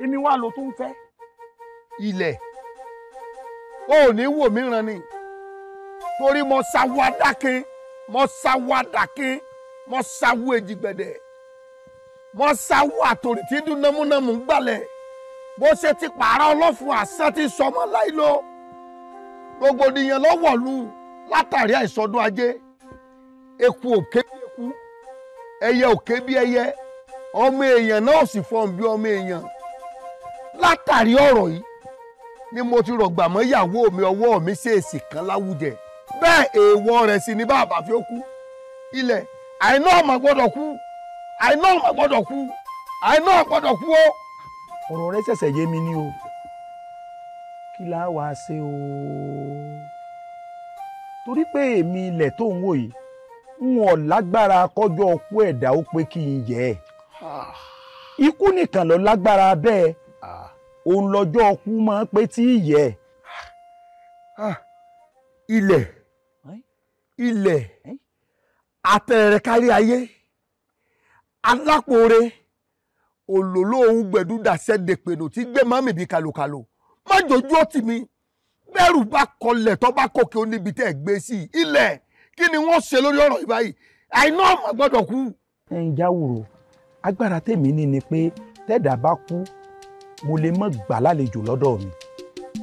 èmi wá lo tó ń fẹ́. ilẹ̀ o ò ní wò mí ràn ni torí mo ṣàwọ adákin mo ṣàwọ adákin mo ṣàwọ èjìgbẹ̀dẹ̀ mo ṣàwọ àtòrìtì dún námúnámú gbalẹ̀. bó ṣe ti pààrà ọlọ́fun àṣẹ ti sọ sọmọ láìlo rògbòdìyàn lọ́wọ́lu látàrí àìsọdún ajé eku òkè bí eku ẹyẹ òkè bí ẹyẹ ọmọ èèyàn náà sì fọ́n bí ọmọ èèyàn látàrí ọ̀rọ̀ yìí ni mo ti rọ̀gbà mọ́ ìyàwó mi ọwọ́ mi ṣèèṣì kan láwùjẹ bẹ́ẹ̀ èèwọ̀ rẹ̀ sì ni bàbá fi ó kú ilẹ̀ àìná ọmọ gbọ́dọ̀ kú àìná ọmọ gbọ́dọ̀ kú àìná ọmọ gbọ́dọ̀ kú ó. ọ̀rọ̀ rẹ ṣẹ̀ṣẹ̀ yé mi ní o kí la wàá ṣe o torí pé èmi ilẹ̀ tó ń wò yìí n ò lágbára kọjọ́ ọkú ẹ̀dá ó pé kí n yẹ ẹ́ ikú nìkan ló lágbára bẹ́ẹ̀ òun lọ́jọ́ ọkú máa ń pé tí ì yẹ ẹ́. ilẹ̀ ilẹ̀ àtẹ̀rẹ̀ kárí ayé alápòore òlòlò ohun gbẹ̀dú dàṣẹ dèpènù tí gbé mami bí kalokalo má jòjú ọtí mi bẹ́rù bá kọlẹ̀ tó bá kòkè ó níbi tẹ́ ẹ̀ gbé sí i ilẹ̀ kí ni wọ́n ṣe lórí ọ̀rọ̀ yìí báyìí àìná ọmọ gbọ́dọ̀ kú. ẹ ń jáwòrò agbára tèmi ní ni pé tẹ́dà bá kú mo lè mọ̀ gbà lálejò lọ́dọ̀ mi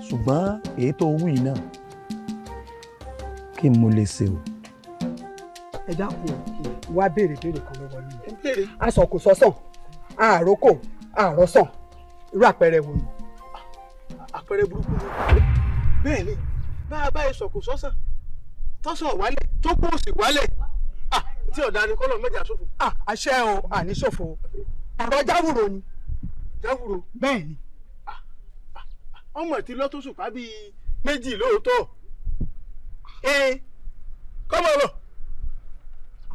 ṣùgbọ́n èyí tó wù yìí náà kí mo lè ṣe o. ẹ dákun wá béèrè béèrè kan lọ́wọ́ mi. a sọ kò sọ sàn àròkò àròsàn irú àpẹẹrẹ wo ni. àpẹẹrẹ burúkú ni bẹ́ẹ̀ ni bá a bá yẹ sọ̀kò sọ́sàn tọ́sàn wálẹ̀ tó kù sí wálẹ̀ tí ọ̀dà ni kọ́lọ̀ mẹ́jà ṣòfò. àṣẹ o àní ṣòfò ọ̀rọ̀ jáwùrò ni. jáwùrò. bẹ́ẹ̀ ni. ọmọ ti lọ́tún sùpá bíi méjì lóòótọ́ ee kọ́mọ lọ.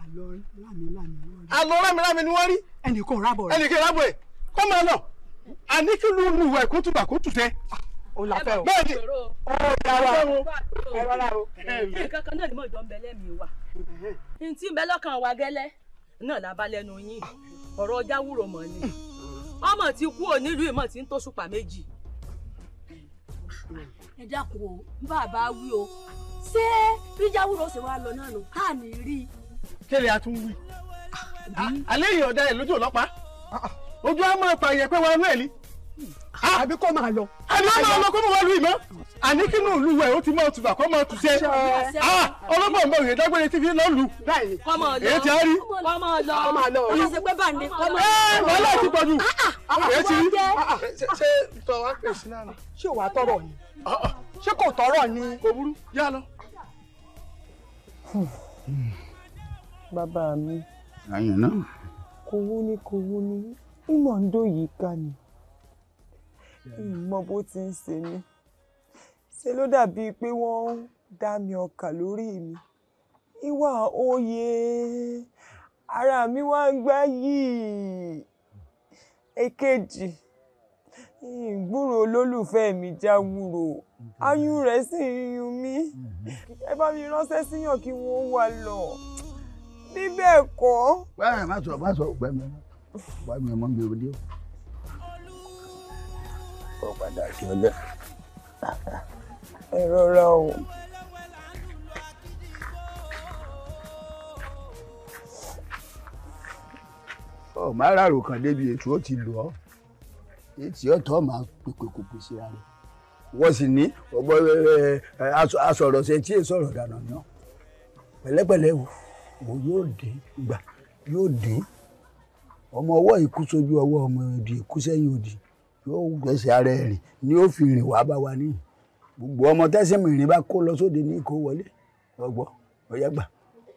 àlọ́ lámìlámì ni wọ́n rí. àlọ́ lámìlámì ni wọ́n rí ẹnìkan rábọ̀ rẹ̀. ẹnìkan rábọ̀ rẹ̀ kó máa lọ àní kí ló ń lu ìwà ẹ̀kọ́ tùbà kó tùtẹ́. o là fẹ́ o bẹ́ẹ̀ ni o yà wá o ẹ rárá o. nǹkan kan náà ni mo jọ ń bẹ lẹ́mìí wa n tí ń bẹ lọ́kàn wa gẹ́lẹ́ náà la bá lẹ́nu yín ọ̀rọ̀ ọjà wúrò mọ̀ ni ọmọ ti kú ò nílùú ìmọ̀ tí ń tó ṣùpà méjì. ẹ dákun o bàbá wí o ṣé bíjáwúrò ṣe wá lọ náà nù ká ní rí. kí ni a tún wí alẹ́ yìí ọ̀dà ẹ̀ lójú ọlọ́pàá ojú á máa pa ìyẹ̀pẹ̀ wa inú ẹ̀ ni. Ah, àbí kọ́ máa lọ. àbí ó máa lọ kó mọ̀ wá lu ìmọ̀ àní kí nù lu ẹ̀ ó ti máa tùbà kọ́ máa tù sẹ́. Ah, ọlọ́gbọ̀n mọ̀ rèé dágbére tí fi lọ́ lu. èyí ti á rí. kọ́ máa lọ kọ́ máa lọ. ọ̀rọ̀ ṣe pé bá ní kọ́ máa lọ. ẹ eh, wàhálà ti pọ̀ jù. Ah, èyí ti rí. ṣé tọ́ wa pè sí náà. ṣé wàá tọrọ ni. ṣé kò tọrọ ni. kò burú yá lọ. bàbá mi àyàn náà. kò wú ni kò wú ni ìmọ̀ ń dò yìí ká ni ìmọ̀ bó ti ń ṣe mí ṣe ló dàbíi pé wọ́n ń dá mi ọkà lórí mi ìwà òye ara mi wá ń gbá yìí èkejì ìgbúrò olólùfẹ́ mi já wúro ayún rẹ̀ sì ń yún mí mm-hmm. ẹ bá mi ránṣẹ́ síyàn kí wọ́n wá lọ bíbẹ̀ kọ́. báyìí má sọ má sọ ọgbà mi ọgbà mi ọmọ mi ò dé o. ọ̀padà kí ọlẹ́ ìrora o. ọ máa rárò kan débi ètò ó ti lù ọ ètò ọtọ máa pèpè pèsè ara wọ́n sì ní ọgbọ́n asọ̀rọ̀ ṣe tí èso ọ̀rọ̀ dànù náà pẹ̀lẹ́pẹ̀lẹ́ wò mo yóò dé gbà yóò dé ọmọ ọwọ́ ikú sójú ọwọ́ ọmọ òdì ikú sẹ́yìn òdì yóò gbẹ̀sẹ̀ ara ẹ̀ rìn ni yóò fi rìn wá bá wa níyì gbogbo ọmọ tẹ́sí mìíràn bá kó lọ sóde ní ìkó wọlé ọgbọ́ ọ̀yá gbà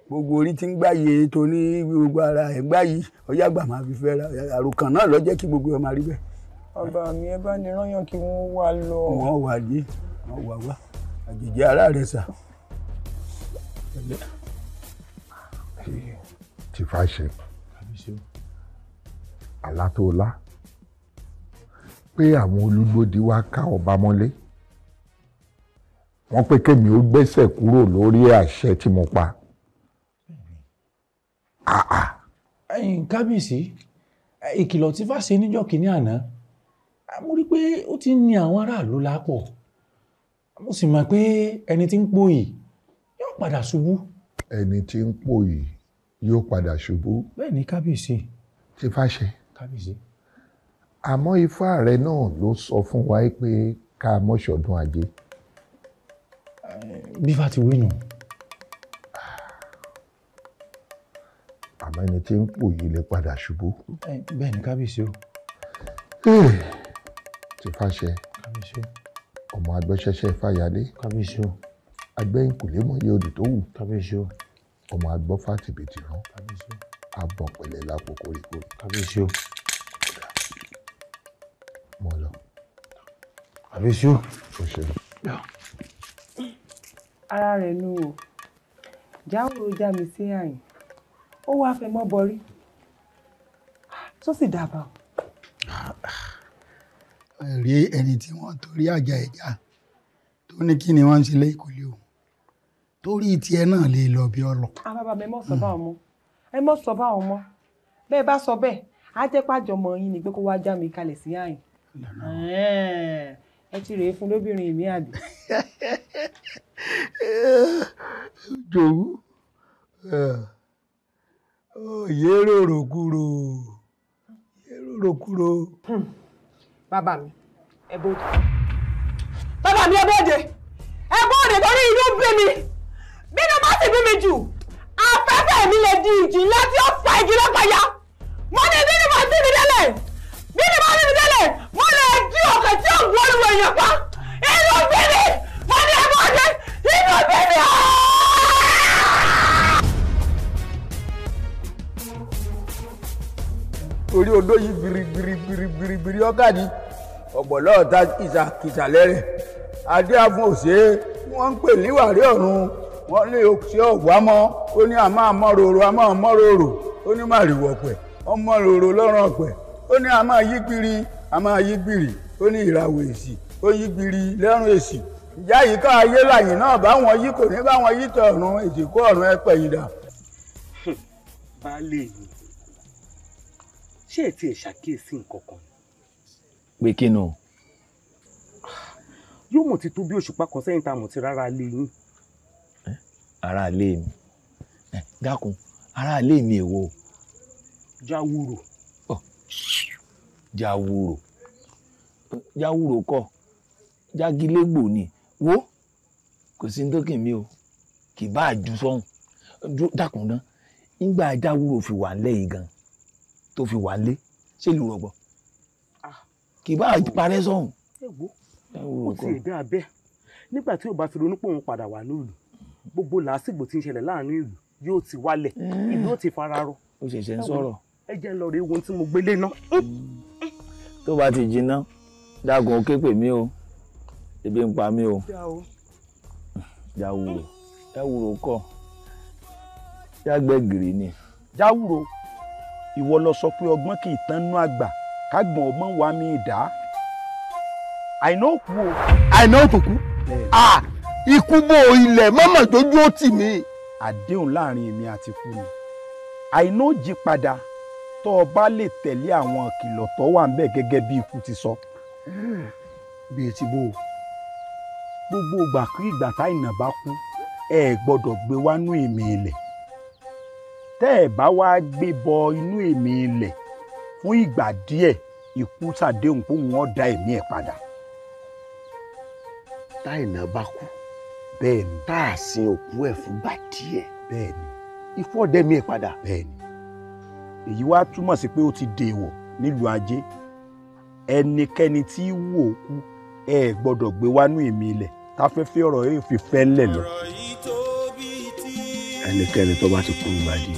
gbogbo orí tí ń gbáyé tó ní gbogbo ara ẹ̀ gbáyé ọ̀yá gbà máa fi fẹ́ ra àròkàn náà lọ jẹ́ kí gbogbo ọmọ rí bẹ́ẹ̀. ọba mi ẹ bá ní rányàn kí wọ́n wá lọ. wọ́n wà dé wọ́n wà wá àjèjì ara rẹ̀ sà ti ti fa ṣe alátóólá pé àwọn olùgbòdì wá ká ọba mọ́lé wọ́n pé kémi ó gbẹ́sẹ̀ kúrò lórí àṣẹ tí mo pa. Ah, ah. ẹ̀yin kábíyèsí ìkìlọ̀ tí fàṣẹ níjọ́ kìíní àná mo rí i pé ó ti ń ni àwọn aráàlú lápọ̀ mo sì mọ̀ pé ẹni tí ń pòyì yóò padà ṣubú. ẹni tí ń pòyì yóò padà ṣubú. bẹ́ẹ̀ ni kábíyèsí. ti fàṣẹ. kábíyèsí. àmọ́ ifá rẹ náà ló sọ fún wa pé ká mọ́ṣọ̀dún ajé. Eh, bífà ti wínú. àmọ́ ẹni tí ń pò yìí lè padà ṣubú. Eh, bẹ́ẹ̀ ni kábíyèsí o. Eh, ti fàṣẹ. kábíyèsí o. ọmọ agbẹ́sẹ́sẹ́ fàyàlé. kábíyèsí o. agbẹ́yìnkùlé mọ̀ yé odò tó wù. kábíyèsí o ọmọ agbọ́ fàtìbìtì rán abọ̀ pẹ̀lẹ́ lápò kórìkórì. kàbíyèsí o. mo lọ. kàbíyèsí o. o ṣeun. ara rẹ̀ nu o jáwòrò já mi sí àyìn ó wáá fẹ́ mọ́ bọrí tó sì dábàá. rí ẹni tí wọ́n torí àjà ẹ̀já tó ní kí ni wọ́n ń ṣe lẹ́yìn kò lè o. torí tiẹ̀ náà lè lọ bí ọ lọ. Ah, àbábà mi mọ̀ sọ bá ọmọ ẹ mọ̀ sọ ọmọ bẹ́ẹ̀ bá sọ bẹ́ẹ̀ á jẹ́ pàjọ mọ yín ni pé kó wáá já mi kalẹ̀ sí àyìn ẹ ti rèé fún lóbìnrin mi àbí. jòwú òye rorò kúrò òye rorò kúrò. bàbá mi ẹ bóde bàbá mi ẹ bóde ẹ bóde torí inú bí mi. bí iná bá sì gún mi jù afẹ́fẹ́ mi lè di ìjì ńlá tí ó fa igi lọ́pàá mo ní bí iná bá sí mi délẹ̀ bí iná bá sí mi délẹ̀ mo lè di ọ̀kẹ́ tí ó gbọ́ lu èèyàn pa inú bí mi mo ní ẹ̀bùn ọ̀dẹ́ inú bí mi ọ̀ọ́. torí odó yìí biribiribiribiri ọ̀gádì ọ̀gbọ̀lọ́ ọ̀tá kìsàkìsà lẹ́rẹ̀ adé afún òṣèré wọ́n ń pè níwàrí ọ̀run wọ́n lé ṣé ọ̀wá mọ́ ó ní àmọ́ àmọ́ròrò àmọ́ àmọ́ròrò ó ní má rìwọ̀ pẹ̀ ọmọròrò lọ́rùn ọ̀pẹ̀ ó ní àmọ́ àyígbìrì àmọ́ àyígbìrì ó ní ìràwọ̀ èsì ó yígbìrì lẹ́rùn èsì ìjà yìí ká ayé làyìn náà báwọn yìí kò ní báwọn yìí tọ̀ ọ̀run ètìkú ọ̀run ẹ̀pẹ̀ yìí dà. baálé mi ṣé ẹ tiẹ̀ ṣàkíyèsí nǹkan kan ni. pé kí ni o. Ah, yóò mọ̀ ti tó bí òṣùpá kan sẹ́yìn tá a mọ̀ ti rárá lé yín aráalé mi ẹ dákun aráalé mi èwo. jáwúrò. ọ jáwúrò jáwúrò kọ jágilégbò ni wo kò sí nítòkè mi o kì bá a ju sọ́hùn dákun náà nígbà jáwúrò fi wà ńlẹ̀ yìí gan tó fi wà ńlẹ̀ ṣé lù rọ̀gbọ̀ ah. kì bá a parẹ́ sọ́hùn. ẹ wo ó ti ẹ̀dá abẹ́ nígbà tí ò bá fi ronú pòun padà wà lóòlù gbogbo làásìgbò tí ń ṣẹlẹ̀ láàrin ìlú yóò ti wálẹ̀ mm. ìlú yóò ti fara rọ. ó ṣẹ̀ṣẹ̀ ń sọ̀rọ̀. ẹ jẹ́ lọ rí ohun tí mo gbélé ná. Mm. tó bá ti jiná dágun ó pè mí o ebi ń pa mí o jáwúrò jáwúrò kọ jágbẹ́gìrì ni. jáwúrò ìwọ lọ sọ pé ọgbọ́n kì í tán nú àgbà kágbọ̀n ọgbọ́n wa mi dá àìná òkú o àìná òtòkú ikúbò ilẹ̀ mọ́mọ́ jójú ó tì mí. àdéhùn láàrin èmi àti kú ni àìná jí padà tó o bá lè tẹ̀lé àwọn kìlọ̀ tó wà ń bẹ̀ gẹ́gẹ́ bí ikú ti sọ. bí etí bò ó gbogbo ìgbà kí ìgbà tá ìnà bá kú ẹ gbọ́dọ̀ gbé wá nú èmi ilẹ̀ tẹ́ ẹ bá wá gbé bọ inú èmi ilẹ̀ fún ìgbà díẹ̀ ikú ṣàdéhùn pé wọn dá ẹ̀mí ẹ̀ padà. tá bá kú bẹ́ẹ̀ni tá a sin òkú ẹ̀ fúngbà díẹ̀ bẹ́ẹ̀ni ìfọ́dẹ́mi ẹ̀ padà bẹ́ẹ̀ni èyí wá túmọ̀ sí pé ó ti dèèwọ̀ nílùú ajé ẹnikẹ́ni tí í wù òkú ẹ gbọ́dọ̀ gbé wánú èmi ilẹ̀ táfẹ́fẹ́ ọ̀rọ̀ yìí fi fẹ́ lẹ̀ lọ. ẹnikẹ́ni tó bá ti kú ìbàdí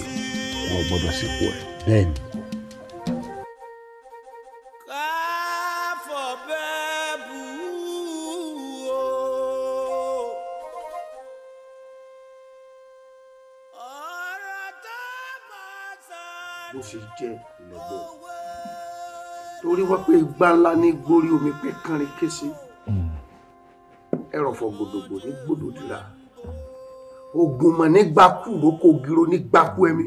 wọn gbọ́dọ̀ sìnkú ẹ̀. bẹ́ẹ̀ni bó ṣe jẹ́ lẹ́gbọ́ torí wọ́n pé igbá ńlá ní gbórí omi pé kánrin kése ẹrọ̀fọ̀ gbòdògbò ní gbòdòdìrà ògùnmọ̀ nígbàkú rókò gíró nígbàkú ẹ̀mí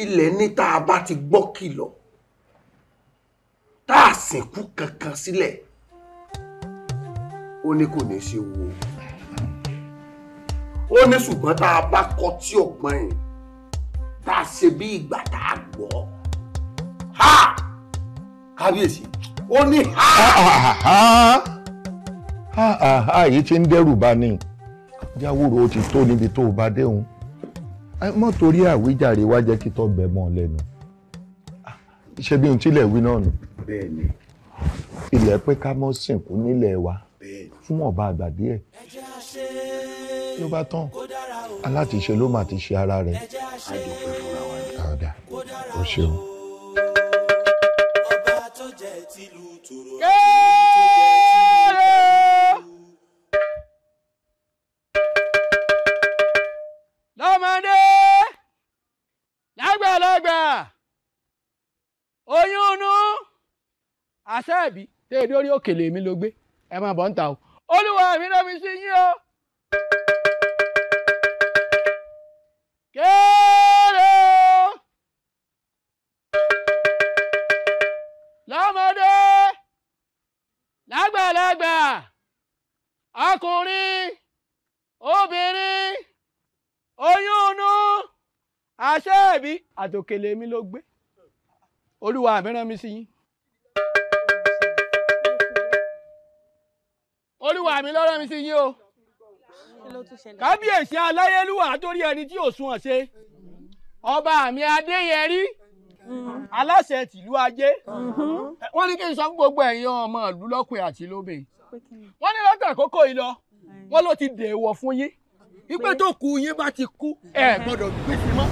ilẹ̀ níta bá ti gbọ́ kìlọ̀ tá a sìnkú kankan sílẹ̀ ó ní kò ní ṣe wo ó ní ṣùgbọ́n tá a bá kọ tí ọ̀gbọ́n yìí tá a ṣe bí ìgbà tá a gbọ́ ha kábíyèsí ó ní ha. ha ha ha yìí ti ń dẹ́rù bá ní jáwúrò ó ti tó níbi tó o bá dé òun mọ́ torí àwíjàre wá jẹ́ kí tọ́ bẹ̀ mọ́ ọ lẹ́nu ṣe bí ohun tílẹ̀ wí náà nù. bẹ́ẹ̀ni. ilẹ̀ pé ká mọ́ sìnkú nílẹ̀ wa fún ọba àgbà díẹ̀ ló bá tán alátiṣe ló mà ti ṣe ara rẹ̀ ṣe o. lọ́mọdé lágbàlagbà oyún inú àṣẹ ẹ̀bí tẹ́ ẹ dórí òkèlè mi ló gbé ẹ máa bọ̀ ń ta o olúwa mi ló fi sí yín o. ọkùnrin obìnrin oyún inú aṣẹ́ẹ̀bí àtòkèlè mi ló gbé olúwa mi rán mi sí yín olúwa mi ló rán mi sí yín o kábíyèsí aláyélúwà torí ẹni tí ò sunwọ̀n ṣe ọba mi adéyẹrí aláṣẹ tìlú ajé wọ́n ní kí n sọ fún gbogbo ẹ̀yin ọmọ ìlú lọ́kùnrin àti lóbìnrin wọ́n ní lọ́gbà àkókò yìí lọ wọ́n ló ti dèèwọ̀ fún yín wípé tó kù yín bá ti kú ẹ gbọ́dọ̀ gbé sí mọ́.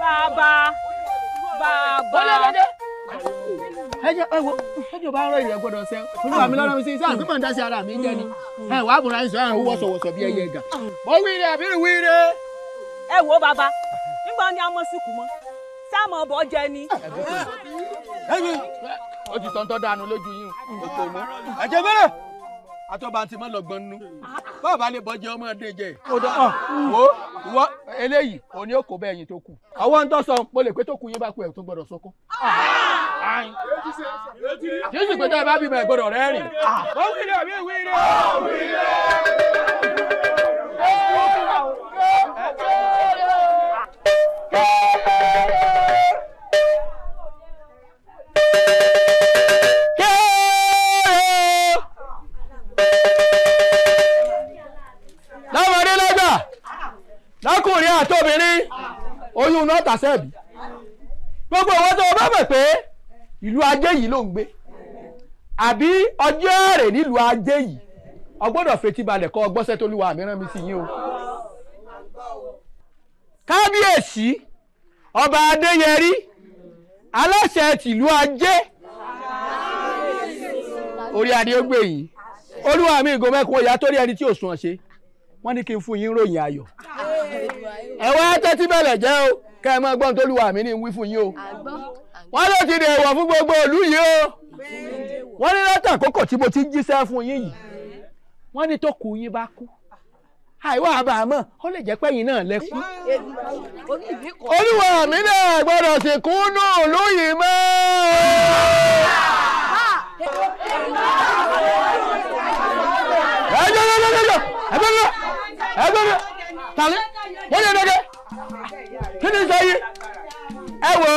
bàbá bàbá ẹjọ bá rọ ilẹ̀ gbọ́dọ̀ sẹ́ olúwa mi lọ́rọ̀ mi sí sáà sípò ń dá ara mi jẹ́ ni wàá bùrọ̀ àìsàn ẹ̀ ń wọ̀sọ̀wọ̀sọ̀ bí ẹyẹ ẹ̀gà. mo wí rẹ àbí wí rẹ. ẹ wo bàbá nígbà wọn ni a mọ̀ sí kù mọ́ sáàmù ọbọ jẹ ni. ẹyin ó ti sọ ń tọ́ dáa lójú yín ẹ̀jẹ̀ mẹ́rẹ̀ àtọ́ba ti máa lọ́gbọ́n nínú ah. bàbá lè bọ́ jẹ ọmọ ọdẹ jẹ. wo wọ eléyìí òní ò kó bẹ́ẹ̀ yín tó kù. àwọn sọ mo lè pé tó kù yín bá kú ẹ̀ tó gbọ́dọ̀ sọkún. Ah. jésù pé tá bá bímọ ẹ gbọ́dọ̀ rìn. Ah. ó wílé mi wílé. ó wílé. Thank you. lákùnrin àtòbìnrin oyún náà tàṣẹ́bì gbogbo ìwọ́n tó o bá mọ̀ pé ìlú ajé yìí ló ń gbé àbí ọjọ́ èrè nílùú ajé yìí o gbọ́dọ̀ fetí balẹ̀ kọ́ ọgbọ́sẹ́ tó lùwà mìíràn mi sí yín o. kábíyèsí ọba adéyẹrí aláṣẹ tìlú ajé orí adé yìí olúwa mi ìgò mẹ́kun ìyá tó rí ẹni tí ò sùn ọ̀ṣẹ́ wọ́n ní kí n fún yín ròyìn ayọ̀. ẹ wá tẹ́tí bẹ̀rẹ̀ jẹ́ o kẹ́ ẹ máa gbọ́n tó lùwà mí ní wí fún yín o. wọ́n ló ti dèèwọ̀ fún gbogbo ìlú yìí o. wọ́n ní látà àkókò tí mo ti ń jíṣẹ́ fún yín yìí. wọ́n ní tó kù yín bá kú. àìwá àbàmọ́ ó lè jẹ́ pẹ́yìn náà lẹ́kú. olúwa mi náà gbọ́dọ̀ sìnkú náà lóyìn mọ́ ẹjọ́ ẹjọ́ ẹjọ́ ẹjọ́ ẹjọ́ ẹgbẹ́ mi tàbí wọ́n yẹ dẹ́gẹ́ kí ni sọ yìí ẹ wo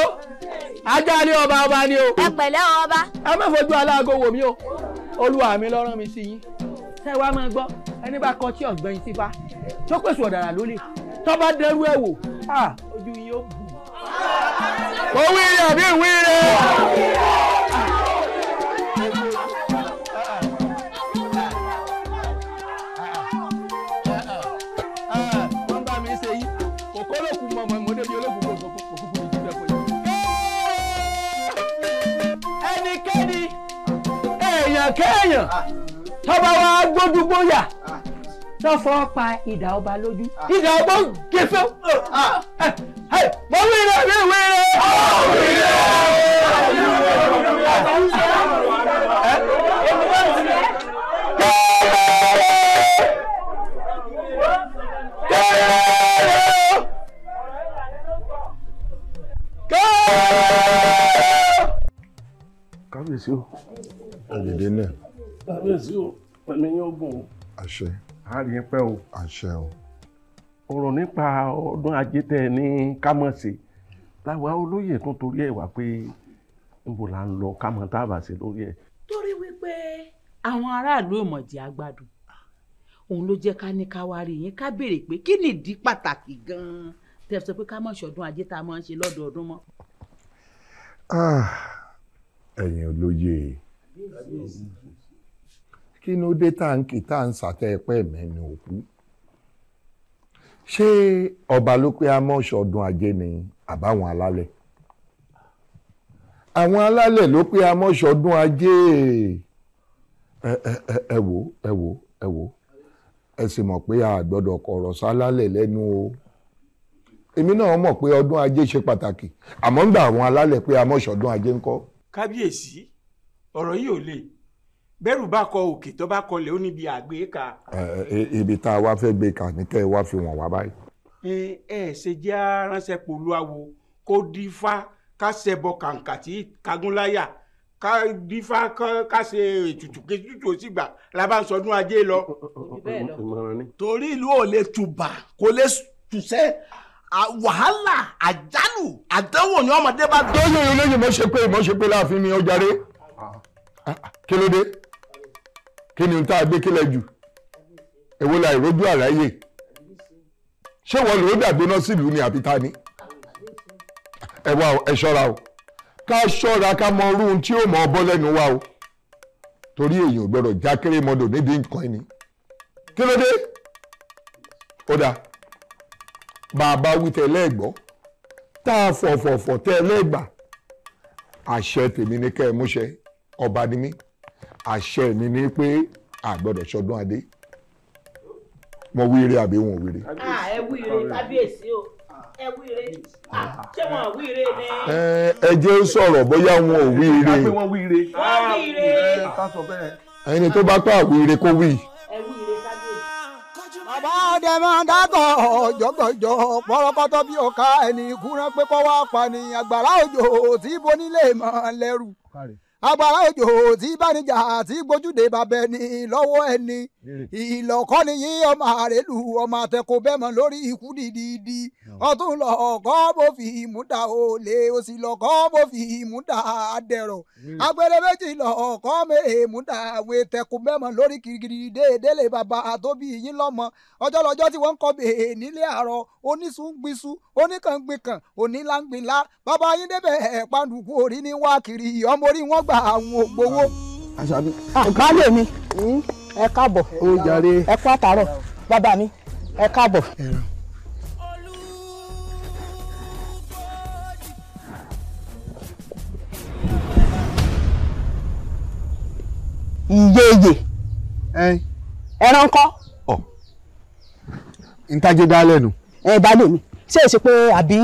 ajá ni ọba ọba ni o. ẹ pẹ̀lẹ́ ọba. ẹ má fojú aláàgọ́ wò mí o olúwa mi ló rán mi sí yín ṣé wàá máa gbọ́ ẹni bá kọ tí ọ̀gbẹ́yìn sí fa tó pèsè ọ̀dàrà lólè tó bá dẹrú ẹ̀ wò ojú yín ó bù. òwúrẹ̀ bí ìwúrẹ̀. kéèyàn tọ́ba wa gbódúgbóyà tọ́fọ́ pa ìdá ọba lójú ìdá ọba ń gẹ̀fẹ́ mọ wíire mi wíire. wíire. kábíyèsí o òdìdí náà. kábíyèsí o pẹ̀lú yín ogun o. àṣẹ. àárín pẹ́ o. àṣẹ o. ọ̀rọ̀ nípa ọdún ajé tẹ ní kámọ̀sí làwa olóyè tún torí ẹ̀ wá pé níbo la ń lọ kámọ̀ tá a bá ṣe lórí ẹ̀. torí wípé àwọn aráàlú ìmọ̀jì àgbàdo òun ló jẹ́ ká ní ká wá rí yín ká béèrè pé kí nìdí pàtàkì gan-an tẹ́ sọ pé ká má ajé tá a máa ń ṣe lọ́dọọdún mọ́. Ah, ẹ̀yin olóye kí ló dé táǹkì táǹsà tẹ ẹ pẹ́ mẹ́ni òkú ṣé ọba ló pé amọ́ṣọ ọdún ajé ni àbáwọn alálẹ̀ àwọn alálẹ̀ ló pé amọ́ṣọ ọdún ajé ẹ wò ẹ wò ẹ wò ẹ sì mọ̀ pé a gbọ́dọ̀ kọ̀rọ̀ sálálẹ̀ lẹ́nu o èmi náà mọ̀ pé ọdún ajé ṣe pàtàkì àmọ́ ń gba àwọn alálẹ̀ pé amọ́ṣọ ọdún ajé ń kọ́. kábíyèsí ọ̀rọ̀ yìí ò le bẹ́rù bá kọ òkè tó bá kọlẹ̀ ó níbi àgbéka. ibi tá a wá fẹ́ gbé ka ní kẹ́ ẹ wá fi wọ̀n wá báyìí. ẹ ẹ ṣe jẹ́ aránṣẹ́ pòlú awo kó dífá ká ṣẹbọ kàǹkà tí kagúnláyà ká dífá ká ṣe ètùtù kétùtù ó sì gbà lábá ń sọdún ajé lọ. torí ìlú ò lè tùbà kò lè tùṣẹ́ wàhálà àjálù àdánwò ni ọmọdé bá. lóyún olóyún mo ṣe pé mo ṣe pé láàfin mi ó jàre. Ah, ah, kí ló dé kí ni tá a gbé kílẹ̀ jù èwo la ìrójú àráyè ṣé wọn lòó dàgbóná sílùú ni àbí ta ni ẹ wá o ẹ ṣọ́ra o ká ṣọ́ra ká mọ irú ohun tí ó mọ ọbọ lẹ́nu wa o torí èèyàn gbọ́dọ̀ já kéré mọ́dọ̀ nídìí nǹkan ẹni kí ló dé ó dáa bàbá wí tẹ́lẹ̀ gbọ́ tá a fọ̀fọ̀fọ̀ tẹ́lẹ̀ gbà àṣẹ tèmi ni kẹ́ ẹ múṣẹ ọba ni mí àṣẹ mi ni pé àgbọ́dọ̀ ṣọdún adé mo wíire àbí wọn ò wíire. Ah, ẹ wíire kábíyèsí o ẹ wíire ah, ṣé wọn ò wíire ni. ẹ jẹ́ sọ̀rọ̀ bóyá wọn ò wíire. wọ́n wíire. Ah, ẹni tó bá pa àwíire kó wí. ẹ wíire kábíyèsí. bàbá ọdẹ máa ń dákọ̀ jọ̀gọ̀jọ̀ pọ́rọ́kọ́tọ́ bí ọ̀ka ẹni ikú rán pé kọ́ wá pa ni àgbàrá òjò tí ibo nílé mọ́ lẹ́rù agbára òjò tí bánijà tí gbójúde bàbẹ ni lọ́wọ́ ẹni ìlọ̀kọ́ ni yí ọmọ àrèlù ọmọ àtẹkọ bẹ́ẹ̀ mọ̀ lórí ikú dídídí ọtún lọ̀kọ́ bó fi ìmúdà olè òsì lọ̀kọ́ bó fi ìmúdà adẹ̀rọ̀ agbẹ̀rẹ̀ méjì lọ̀kọ́ mẹ́ẹ̀múdà àwọn ètẹ̀kọ bẹ́ẹ̀ mọ̀ lórí kìrìkìrì déédéle bàbá àtóbi yín lọ́mọ ọjọ́ lọ́jọ́ tí wọ́n ń kọ́ bèè nílé àárọ̀ onísùngbisù oníkàngbìkàn onílàngbìlá bàbá yín débẹ̀ pàǹdùkú orí ní wákìrì ọmọ orí wọn gb gbà àwọn ògbówó. àṣàbí. àkàlẹ̀ ah, mi hmm? ẹ káàbọ̀ ó jàre ẹ kú àtàrọ̀ bàbá mi ẹ káàbọ̀. ìyeyè ẹran kọ́. ọ ntajẹ dá lẹ́nu. ẹ dá lèmi ṣé èsì pé àbí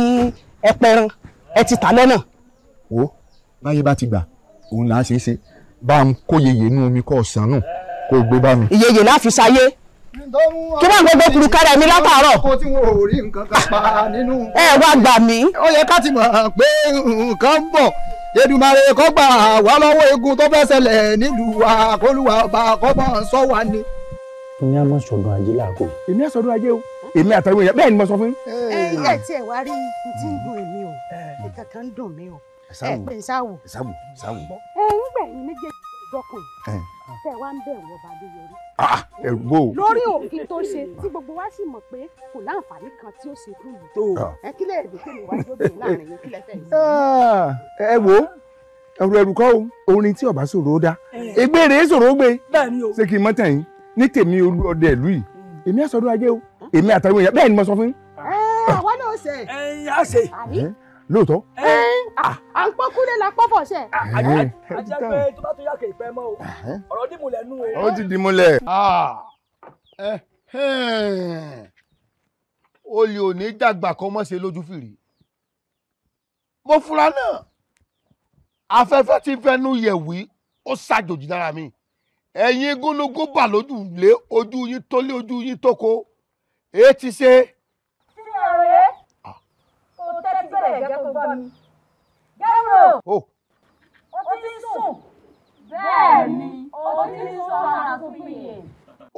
ẹpẹran ẹ ti tà lọ́nà. wo báyé bá ti gbà òun là á ṣe é ṣe bá ń kó yeye inú omi kọ́ ọ̀sán nù kó o gbé bá mi. ìyeyè la fi ṣayé kí wọ́n gbogbo kuru kárẹ̀ mi látàárọ̀. kó tí wọn ò rí nǹkan kan pa nínú. ẹ wá gbà mí. ó yẹ ká ti mọ̀ pé nǹkan ń bọ̀ Èdùmàrè kó gbà wá egun tó fẹ́ ṣẹlẹ̀ nílùú wa kólúwa ọba kọ́mọ sọ wa ni. ní a máa sọdún ajé làákò. èmi á sọdún ajé o èmi àtàwọn èèyàn bẹ́ẹ̀ ni mo sọ fún. ẹ ẹ tiẹ̀ wá rí ti ń dùn èmi o nǹkan kan ń dùn mí o sáwù sáwù sáwù sáwù. ẹ ń gbẹ̀yìn méjèèjì dọ́kùn tẹ̀ wá ń bẹ̀ wọ́n bá dé yọrí. Ah, ah, ẹ̀rù bò. lórí òfin tó ṣe tí gbogbo wa sì mọ̀ pé kò láǹfààní kan tí ó ṣe fún yìí ah. tó ẹ kílẹ̀ èdè kéde wáyé lóbìnrin láàrin yìí kílẹ̀ fẹ́ ẹ wo ẹrù ẹrù kọ́ o orin tí ọba sọ̀rọ̀ ó dá egbére sọ̀rọ̀ ó gbé ṣé kí n mọ́ tẹ̀yìn ní tèmi ọdẹ ìlú yìí hmm. èmi àsọdún ajé o èmi àtàwọn èèyàn bẹ́ẹ̀ ni mo sọ fún yín. ẹ àwọn náà ṣe. ẹyin á ṣe. lóòótọ́. ẹyin à ń pọ́n kúlé la pọ́ bọ̀ ṣe. ajẹ́ pé tó bá tó yà kẹ́ ìpẹ́ mọ́ o ọ̀rọ̀ dìmúlẹ̀ nù o. ó ti dìmúlẹ̀. olè ò ní dàgbà kan mọ́ ṣe lójú fìrí mo fura náà afẹ́fẹ́ ti fẹ́nu yẹ̀wí ó ṣàjòjì lára mi ẹ̀yin gúnugún bà lójú lé ojú yín tó lé ojú yín tó ko èé ti ṣe. ṣé ọ̀rẹ́ kò tẹ́tí bẹ̀rẹ̀ ìjẹ́ kó gbọ́ mi. Gẹ́rò. O. O ti ń sùn. Bẹ́ẹ̀ ni, o ti ń sọ àsùnpìyè.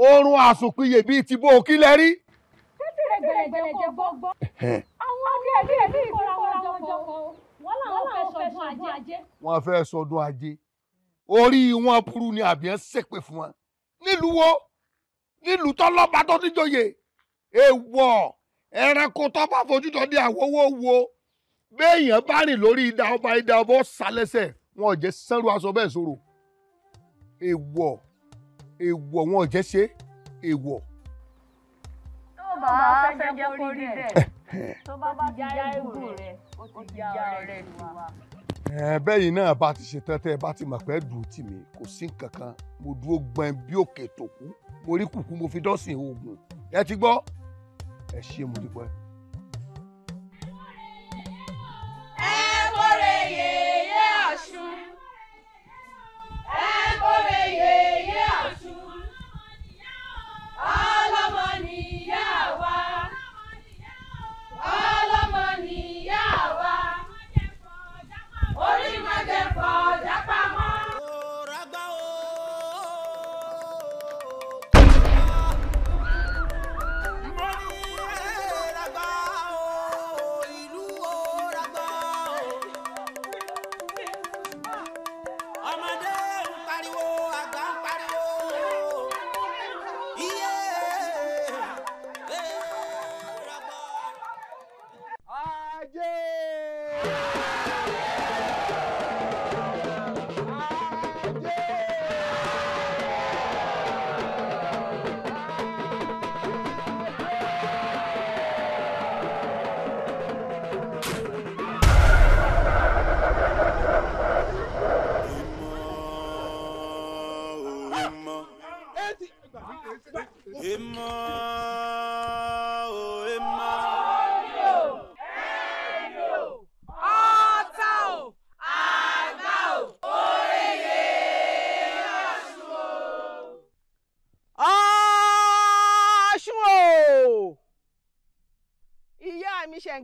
Oorun àsùnpìyè bíi ti bó o kí lẹ rí. Kékeré gbẹ̀rẹ̀gbẹ̀rẹ̀ gbọ́gbọ́. Àwọn ọdẹ ẹbí ẹbí ìfúnra wọn jọpọ̀. Wọ́n làwọn fẹ́ sọdún ajé. Wọ́n fẹ́ sọdún ajé. Orí wọn burú ni àbí ẹ̀ ń ṣèpè fún wọn. Nílùú wo? Nílùú tọ́lọ́ba tó níjòyè. Èèwọ̀ ẹranko tó bá fojú jọ ní àwòwò wo. wo béèyàn bá rìn lórí idà ọba idà ọba ọ̀sálẹ́sẹ̀ wọn ò jẹ́ sẹ́rù aṣọ bẹ́ẹ̀ sòrò èèwọ̀ èèwọ̀ wọn ò jẹ́ ṣe èèwọ̀. tó bá fẹ́ jẹ́ kó rí bẹ́ẹ̀ tó bá bá ti já egbò rẹ̀ ó ti já ọ̀rẹ́ tiwa. bẹ́yìn náà bá ti ṣe tán tẹ́ ẹ bá ti mọ̀ pé dùn tì mí kò sí nǹkan kan mo dúró gbọ́n bí òkè tòkú mo rí kùkú mo fi dọ́sìn oògùn ẹ ti gbọ́ ẹ ṣe mo dúpẹ́.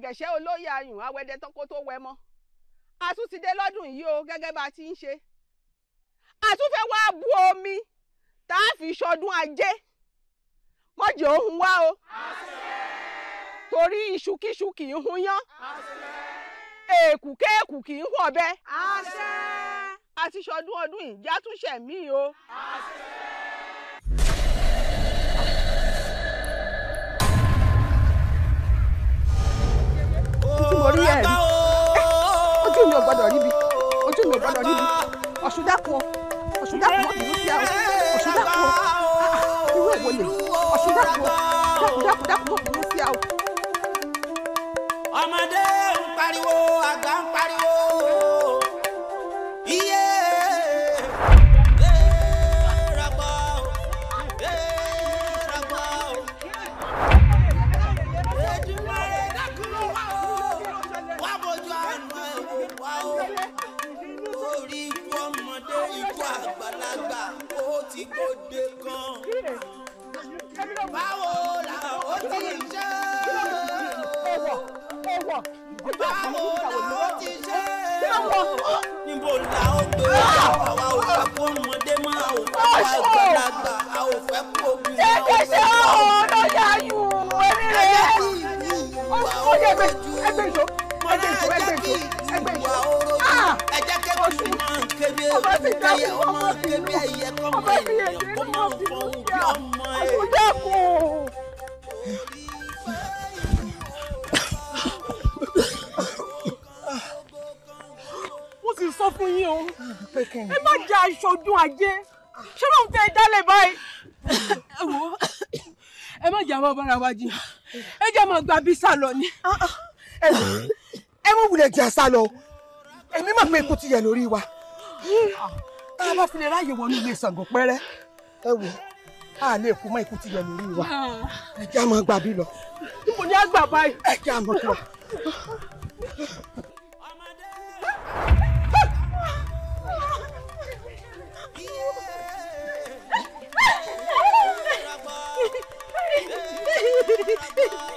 ọ̀gẹ̀ṣẹ́ olóyè ayùn awẹ́dẹ tán kó tó wẹ mọ́ a tún ti dé lọ́dún yìí o gẹ́gẹ́ bá a ti ń ṣe a tún fẹ́ wá bu omi tá a fi ṣọdún ajé mọ́jẹ̀ òun wá o torí iṣukíṣu kì í hun yán èkùkéèkù kì í hun ọ̀bẹ a ṣọdún ọdún ìjà túnṣẹ̀ o. Àṣẹ. torí ẹ̀ rí ojú mi ò gbọ́dọ̀ ríbi ojú mi ò gbọ́dọ̀ ríbi Ọ̀ṣun dákun Ọ̀ṣun dákun ah, irú èwo lè Ọ̀ṣun dákun dákun ọmọdé ń pariwo àgbà ń pariwo. ti gbòde kan báwo làwọn ti ṣe báwo làwọn ti ṣe níbo làwọn gbé àwa ò fẹ́ kó ọmọdé mọ́ a ò fẹ́ kó àgbàlagbà a ò fẹ́ kó obìnrin a ò fẹ́ kó ọmọdé. ẹ jẹ́ kí ìyí ìwà ọmọdé jù ẹgbẹ́ ìṣó ẹgbẹ́ ìṣó ẹgbẹ́ ìṣó ah! ẹ jẹ́ kébí máa ń kébí ẹyẹ ọmọ kébí ẹyẹ kọ́mọ ènìyàn kó máa ń fọhùn bí ọmọ ènìyàn. mo sì sọ fún yín o ẹ má jẹ aṣọdún ajé ṣé lóun tẹ dálé báyìí. ẹ wo ẹ má jẹ àwọn ọba ara wa jiyàn ẹ jẹ́ máa gba bísà lọ ni. Ah, ah ẹ mọ̀ wulẹ̀ jà sá lọ èmi mọ̀ pé ikú ti yẹ lórí wa ẹ bá fi lè ráàyè wọnú ilé Ṣàngó pẹ́rẹ́ ẹ wò a lè kú mọ́ ikú ti yẹ lórí wa ẹ jẹ́ àmọ́ gbà bí lọ. mo ní àgbà báyìí. ẹ jẹ́ àmọ́ tó. Yeah.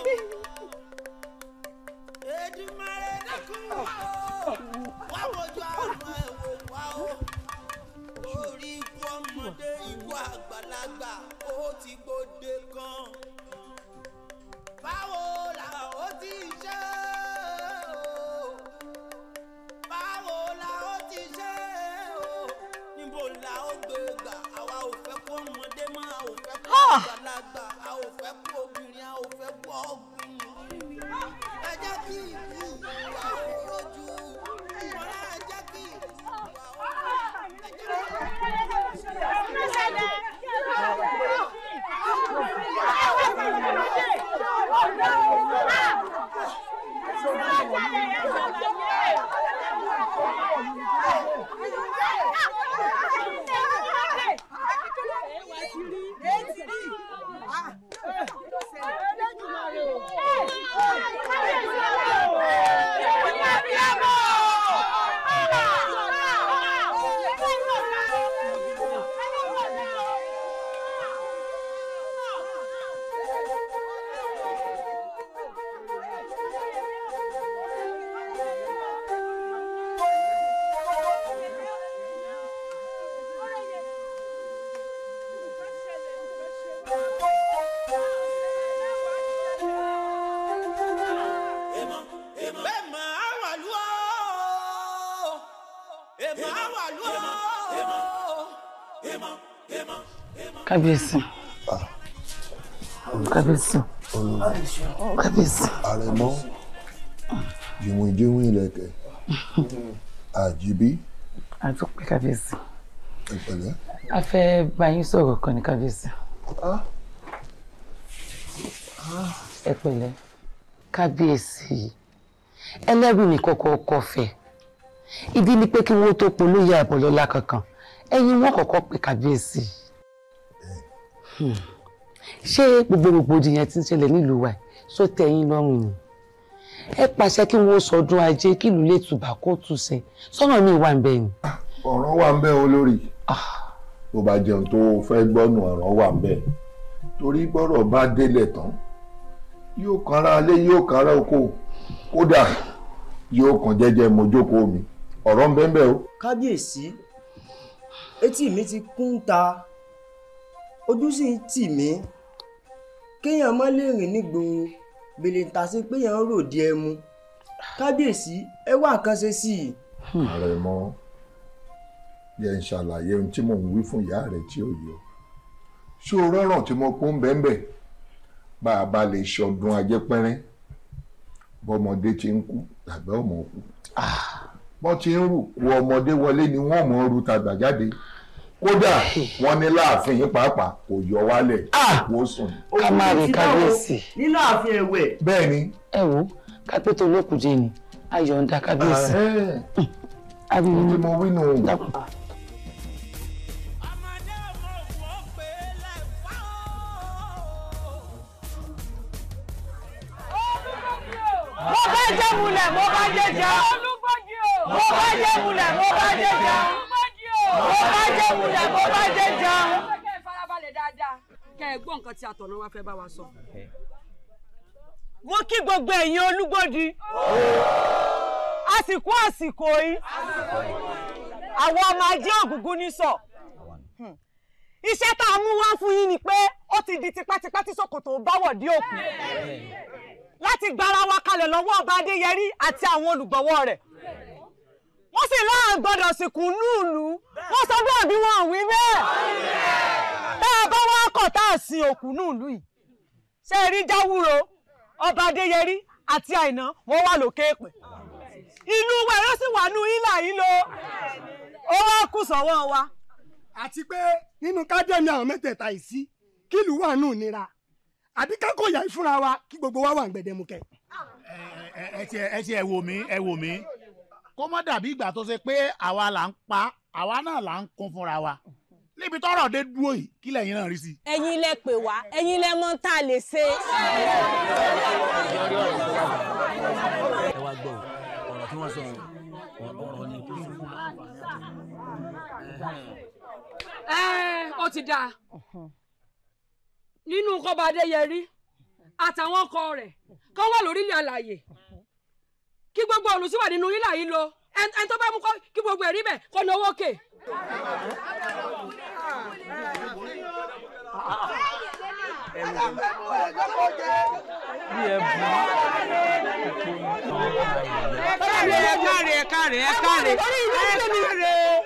kábíyèsí kábíyèsí kábíyèsí. àrẹ̀mọ jìwìnjìwìn ilẹ̀kẹ̀ àjíbí. àtúpẹ́ kábíyèsí. ìpẹ̀lẹ́. a fẹ́ bá yín sọ̀rọ̀ kan ní kábíyèsí. Ah. ẹ pẹ̀lẹ́ kábíyèsí ẹlẹ́rù ní kọ́kọ́ ọkọ̀ fẹ́ ìdí ni pé kí wọ́n tó polóyè àbọ̀lọ́lá kankan ẹ̀yin wọ́n kọ́kọ́ pè kábíyèsí yìí ṣé gbogbo rògbòdìyàn ti ń ṣẹlẹ̀ nílùú wa só tẹ́yìn lọ́rùn ni ẹ pàṣẹ kí wọ́n sọdún ajé kí ìlú lè tùbà kó tùsẹ̀ sọ́nà mi wà ń bẹ̀ ni. ọ̀rọ̀ wà ń bẹ̀ olórí ah. tó bá jẹun tó fẹ́ gbọ́nù ọ̀rọ̀ wà ń bẹ̀ torí gbọ́rọ̀ bá délẹ̀ tán yóò kanra alé yóò kanra oko kódà yóò kàn jẹ́jẹ́ mojókòó mi ọ̀rọ̀ ń bẹ́ẹ̀ bẹ́ẹ̀ o. kábíyèsí etí mi ti kún ta ojú sì ń tì mí kéèyàn má lè rìn nígboro bèlè ta sí péyàn ń ròde ẹmu kábíyèsí ẹ wá nǹkan ṣe sí i. Hmm. ààrẹ mọ yẹ ń ṣàlàyé ohun tí mò ń wí fún ìyá rẹ tí ó yọ ṣé o rọrùn tí mo kó ń bẹ́ńbẹ́ bá a bá lè ṣọdún ajé pẹ́rẹ́ bọ́mọdé ti ń kú làgbà ọmọ kú ah. bọ́n ti ń rù kú ọmọdé wọlé ni wọ́n mọ̀ ọ́n rú tàgbà jáde kódà wọ́n ní láàfin yín pàápàá kò yọ wálẹ̀ ah! wọ́n sùn. ká má rí kábíyèsí. ní láàfin ẹ̀wẹ̀. bẹ́ẹ̀ ni. ẹ wo kápẹ́tọ̀ olókùnjẹ ni ayọ̀ ń da kábíyèsí. àbíyí ah, eh. ni mo wí nù. mo bá jẹ́ mulẹ̀ mo bá jẹ́ jẹ́ mo bá jẹ́ mulẹ̀ mo bá jẹ́ jẹ́ bó bá jẹ́ kùdà bó bá jẹ́ jẹun. kẹ́ ẹ farabalẹ̀ dáadáa kẹ́ ẹ gbọ́ nǹkan tí atọ̀nà wa fẹ́ bá wa mo kí gbogbo ẹ̀yin olúgbòdì àsìkò àsìkò yìí àwọn ọmọ ajé ògúngún ní sọ hmm. iṣẹ́ tá a mú wá fún yín ni pé ó ti di tipátipá tí ṣòkòtò báwọ̀dí òkú láti gbára wa kalẹ̀ lọ́wọ́ ọba adéyẹrí àti àwọn olùgbọ́wọ́ rẹ̀ wọ́n sì láà gbọ́dọ̀ sìnkú núùlù wọ́n sọ bí òbí wọn wí bẹ́ẹ̀ tá a bá wá kọ̀ tá a sin òkú núùlù yìí ṣé ẹ rí jáwúro ọba adéyẹrí àti àìná wọ́n wà lókè èpè inú wa yóò sì wà nú ilà yìí lo ó wá kù sọ́wọ́ wa. àti pé nínú kádẹ́mi àwọn mẹ́tẹ̀ẹ̀ta yìí sí kí ìlú wà nù nira àbí kákòyà ìfúnra wa kí gbogbo wa wà ń gbẹdẹmukẹ. ẹ ẹ ẹ tiẹ̀ ẹ wò mí ẹ wò mí kó mọ́ dàbí ìgbà tó ṣe pé àwa là ń pa àwa náà là ń kún fúnra wa níbi tọ́rọ̀ dé dúró yìí kí lẹ̀yin náà rí sí. ẹ̀yin lẹ pè wá ẹ̀yin lẹ mọ̀ tá a lè ṣe. ẹ wá gbọ́ ọ̀rọ̀ tí wọ́n sọ ọ̀rọ̀ ni ẹ ó ti dáa nínú kọ́ba adéyẹrí àtàwọn ọkọ rẹ̀ kọ́ wà lórílẹ̀ àlàyé kí gbogbo olùsíwà nínú ilà yìí lọ ẹni tó bá mú kọ kí gbogbo ẹ̀rí bẹ̀ kọ́ náwó òkè. ẹ káre ẹ káre ẹ káre ẹ káre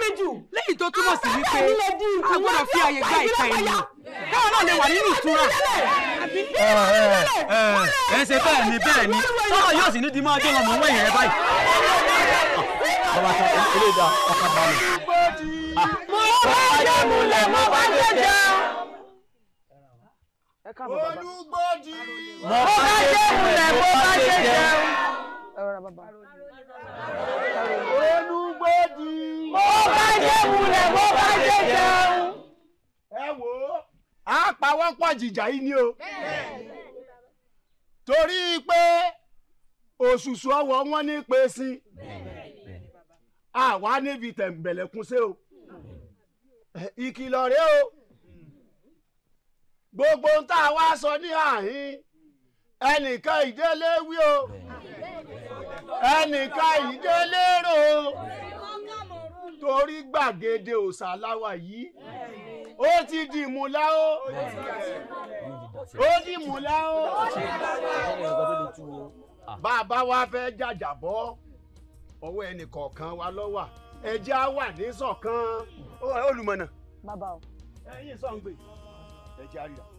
mi jù. lẹ́yìn tó túmọ̀ sí wípé ah, a gbọ́dọ̀ fi àyè gba ìka ènìyàn káwọn náà lè wà nínú ìtura. Eh, eh, eh, ẹ ṣe bẹ́ẹ̀ ni bẹ́ẹ̀ ni sọ́kọ̀ yóò sì ní di máa jẹ́ ọmọ wọ́n yẹn báyìí. bàbá sọ ilé ìdá mo bá jẹ́ mulẹ̀ mo bá jẹ́ jẹ́. mo bá jẹ́ mulẹ̀ mo bá jẹ́ jẹ́. olùgbòdì mo bá jẹ́ wulẹ̀ mo bá jẹ́ jẹun. ẹ wo a pa wọ́n pọ̀ jìjà yìí ni o torí pé òṣùṣù ọwọ́ wọn ní pé sí àwa níbi tẹ̀m̀bẹ̀lẹ̀kún sí o ìkìlọ̀ rẹ o gbogbo ń tá a wá sọ ní àhín ẹnìkan ìdélé wí o ẹnìkan ìdélé rò o torí gbàgede òsàláwà yìí ó ti di ìmúlá ó di ìmúlá ó bàbá wa fẹ́ jàjàbọ́ ọwọ́ ẹnì kọ̀ọ̀kan wa lọ́wà ẹjẹ́ á wà ní ṣọ̀kan olùmọ̀nà. bàbá o. ẹyin sọ̀ǹgbè ẹjẹ́ á rírà. Yeah.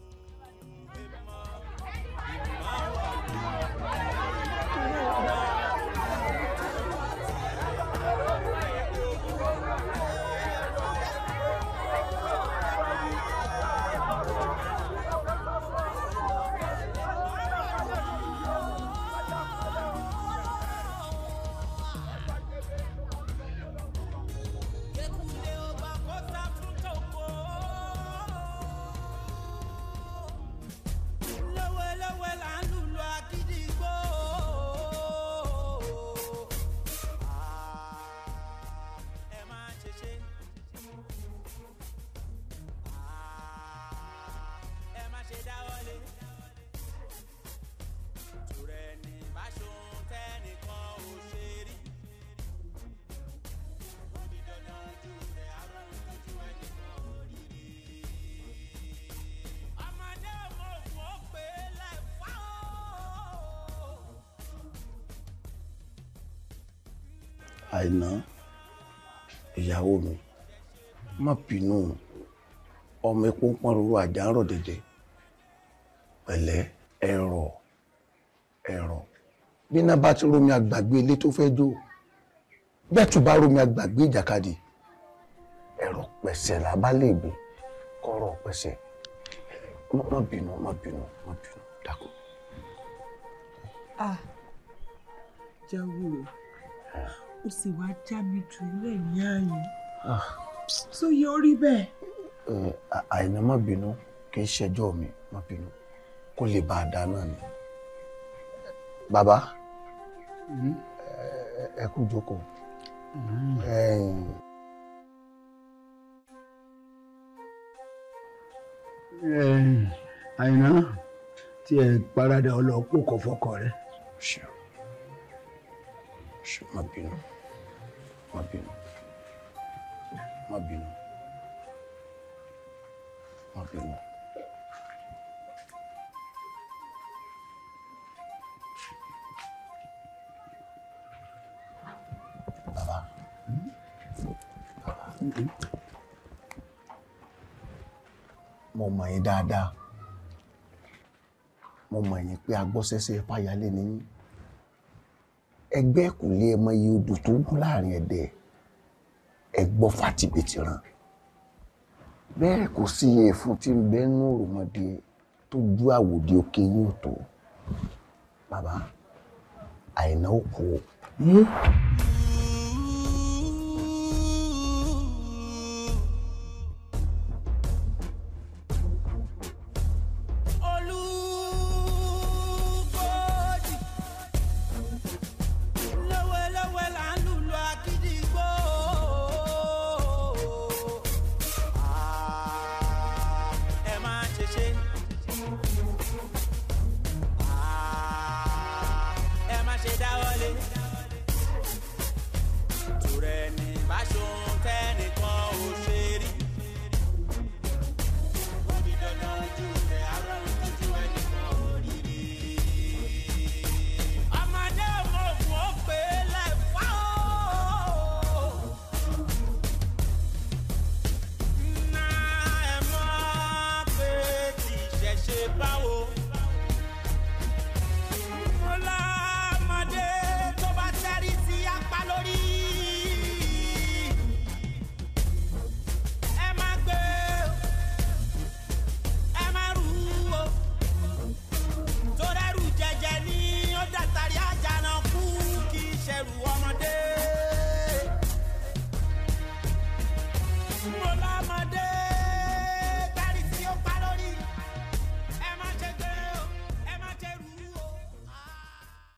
àìná ìyàwó mi má bínú ọmọ epo ń pọn rúru àjà ń rọ̀ dẹ̀dẹ̀ pẹ̀lẹ́ ẹ̀rọ ẹ̀rọ bí iná bá ti romi àgbàgbé ilé tó fẹ́ jó bẹ́ẹ̀ tún bá romi àgbàgbé ìjàkadì ẹ̀rọ pẹ̀sẹ̀ là bá lè gbé kọ́rọ̀ pẹ̀sẹ̀ má bínú má bínú má bínú dákun. ah jẹ́ wúro. Ah ó sì wá já mi jù ilé mi ààyè ah. tó yẹ ó rí bẹ́ẹ̀. àìná má bínú kì í ṣẹjọ́ mi má bínú kó lè bá a dá náà ni. bàbá mm-hmm. ẹ kú jókòó. Mm-hmm. àìná tí ẹ paradà ọlọ́pọ̀ kọ̀ fọkọ rẹ. ṣé má bínú má bínú má bínú má bínú. Bàbá bàbá mo mọ̀ yín dáadáa mo mọ̀ yín pé agbọ́sẹ́sẹ́ fàyàlẹ́ nìyí ẹgbẹ́ kò lé ẹmọ iye odò tó wú láàrin ẹ̀dẹ̀ ẹgbọ́ fatibetì ràn bẹ́ẹ̀ kò sí iye ẹ̀fún tí ń bẹ nú òròmọdé tó ju àwòdì òkè yóò tó bàbá àìná òkú o. Mm-hmm.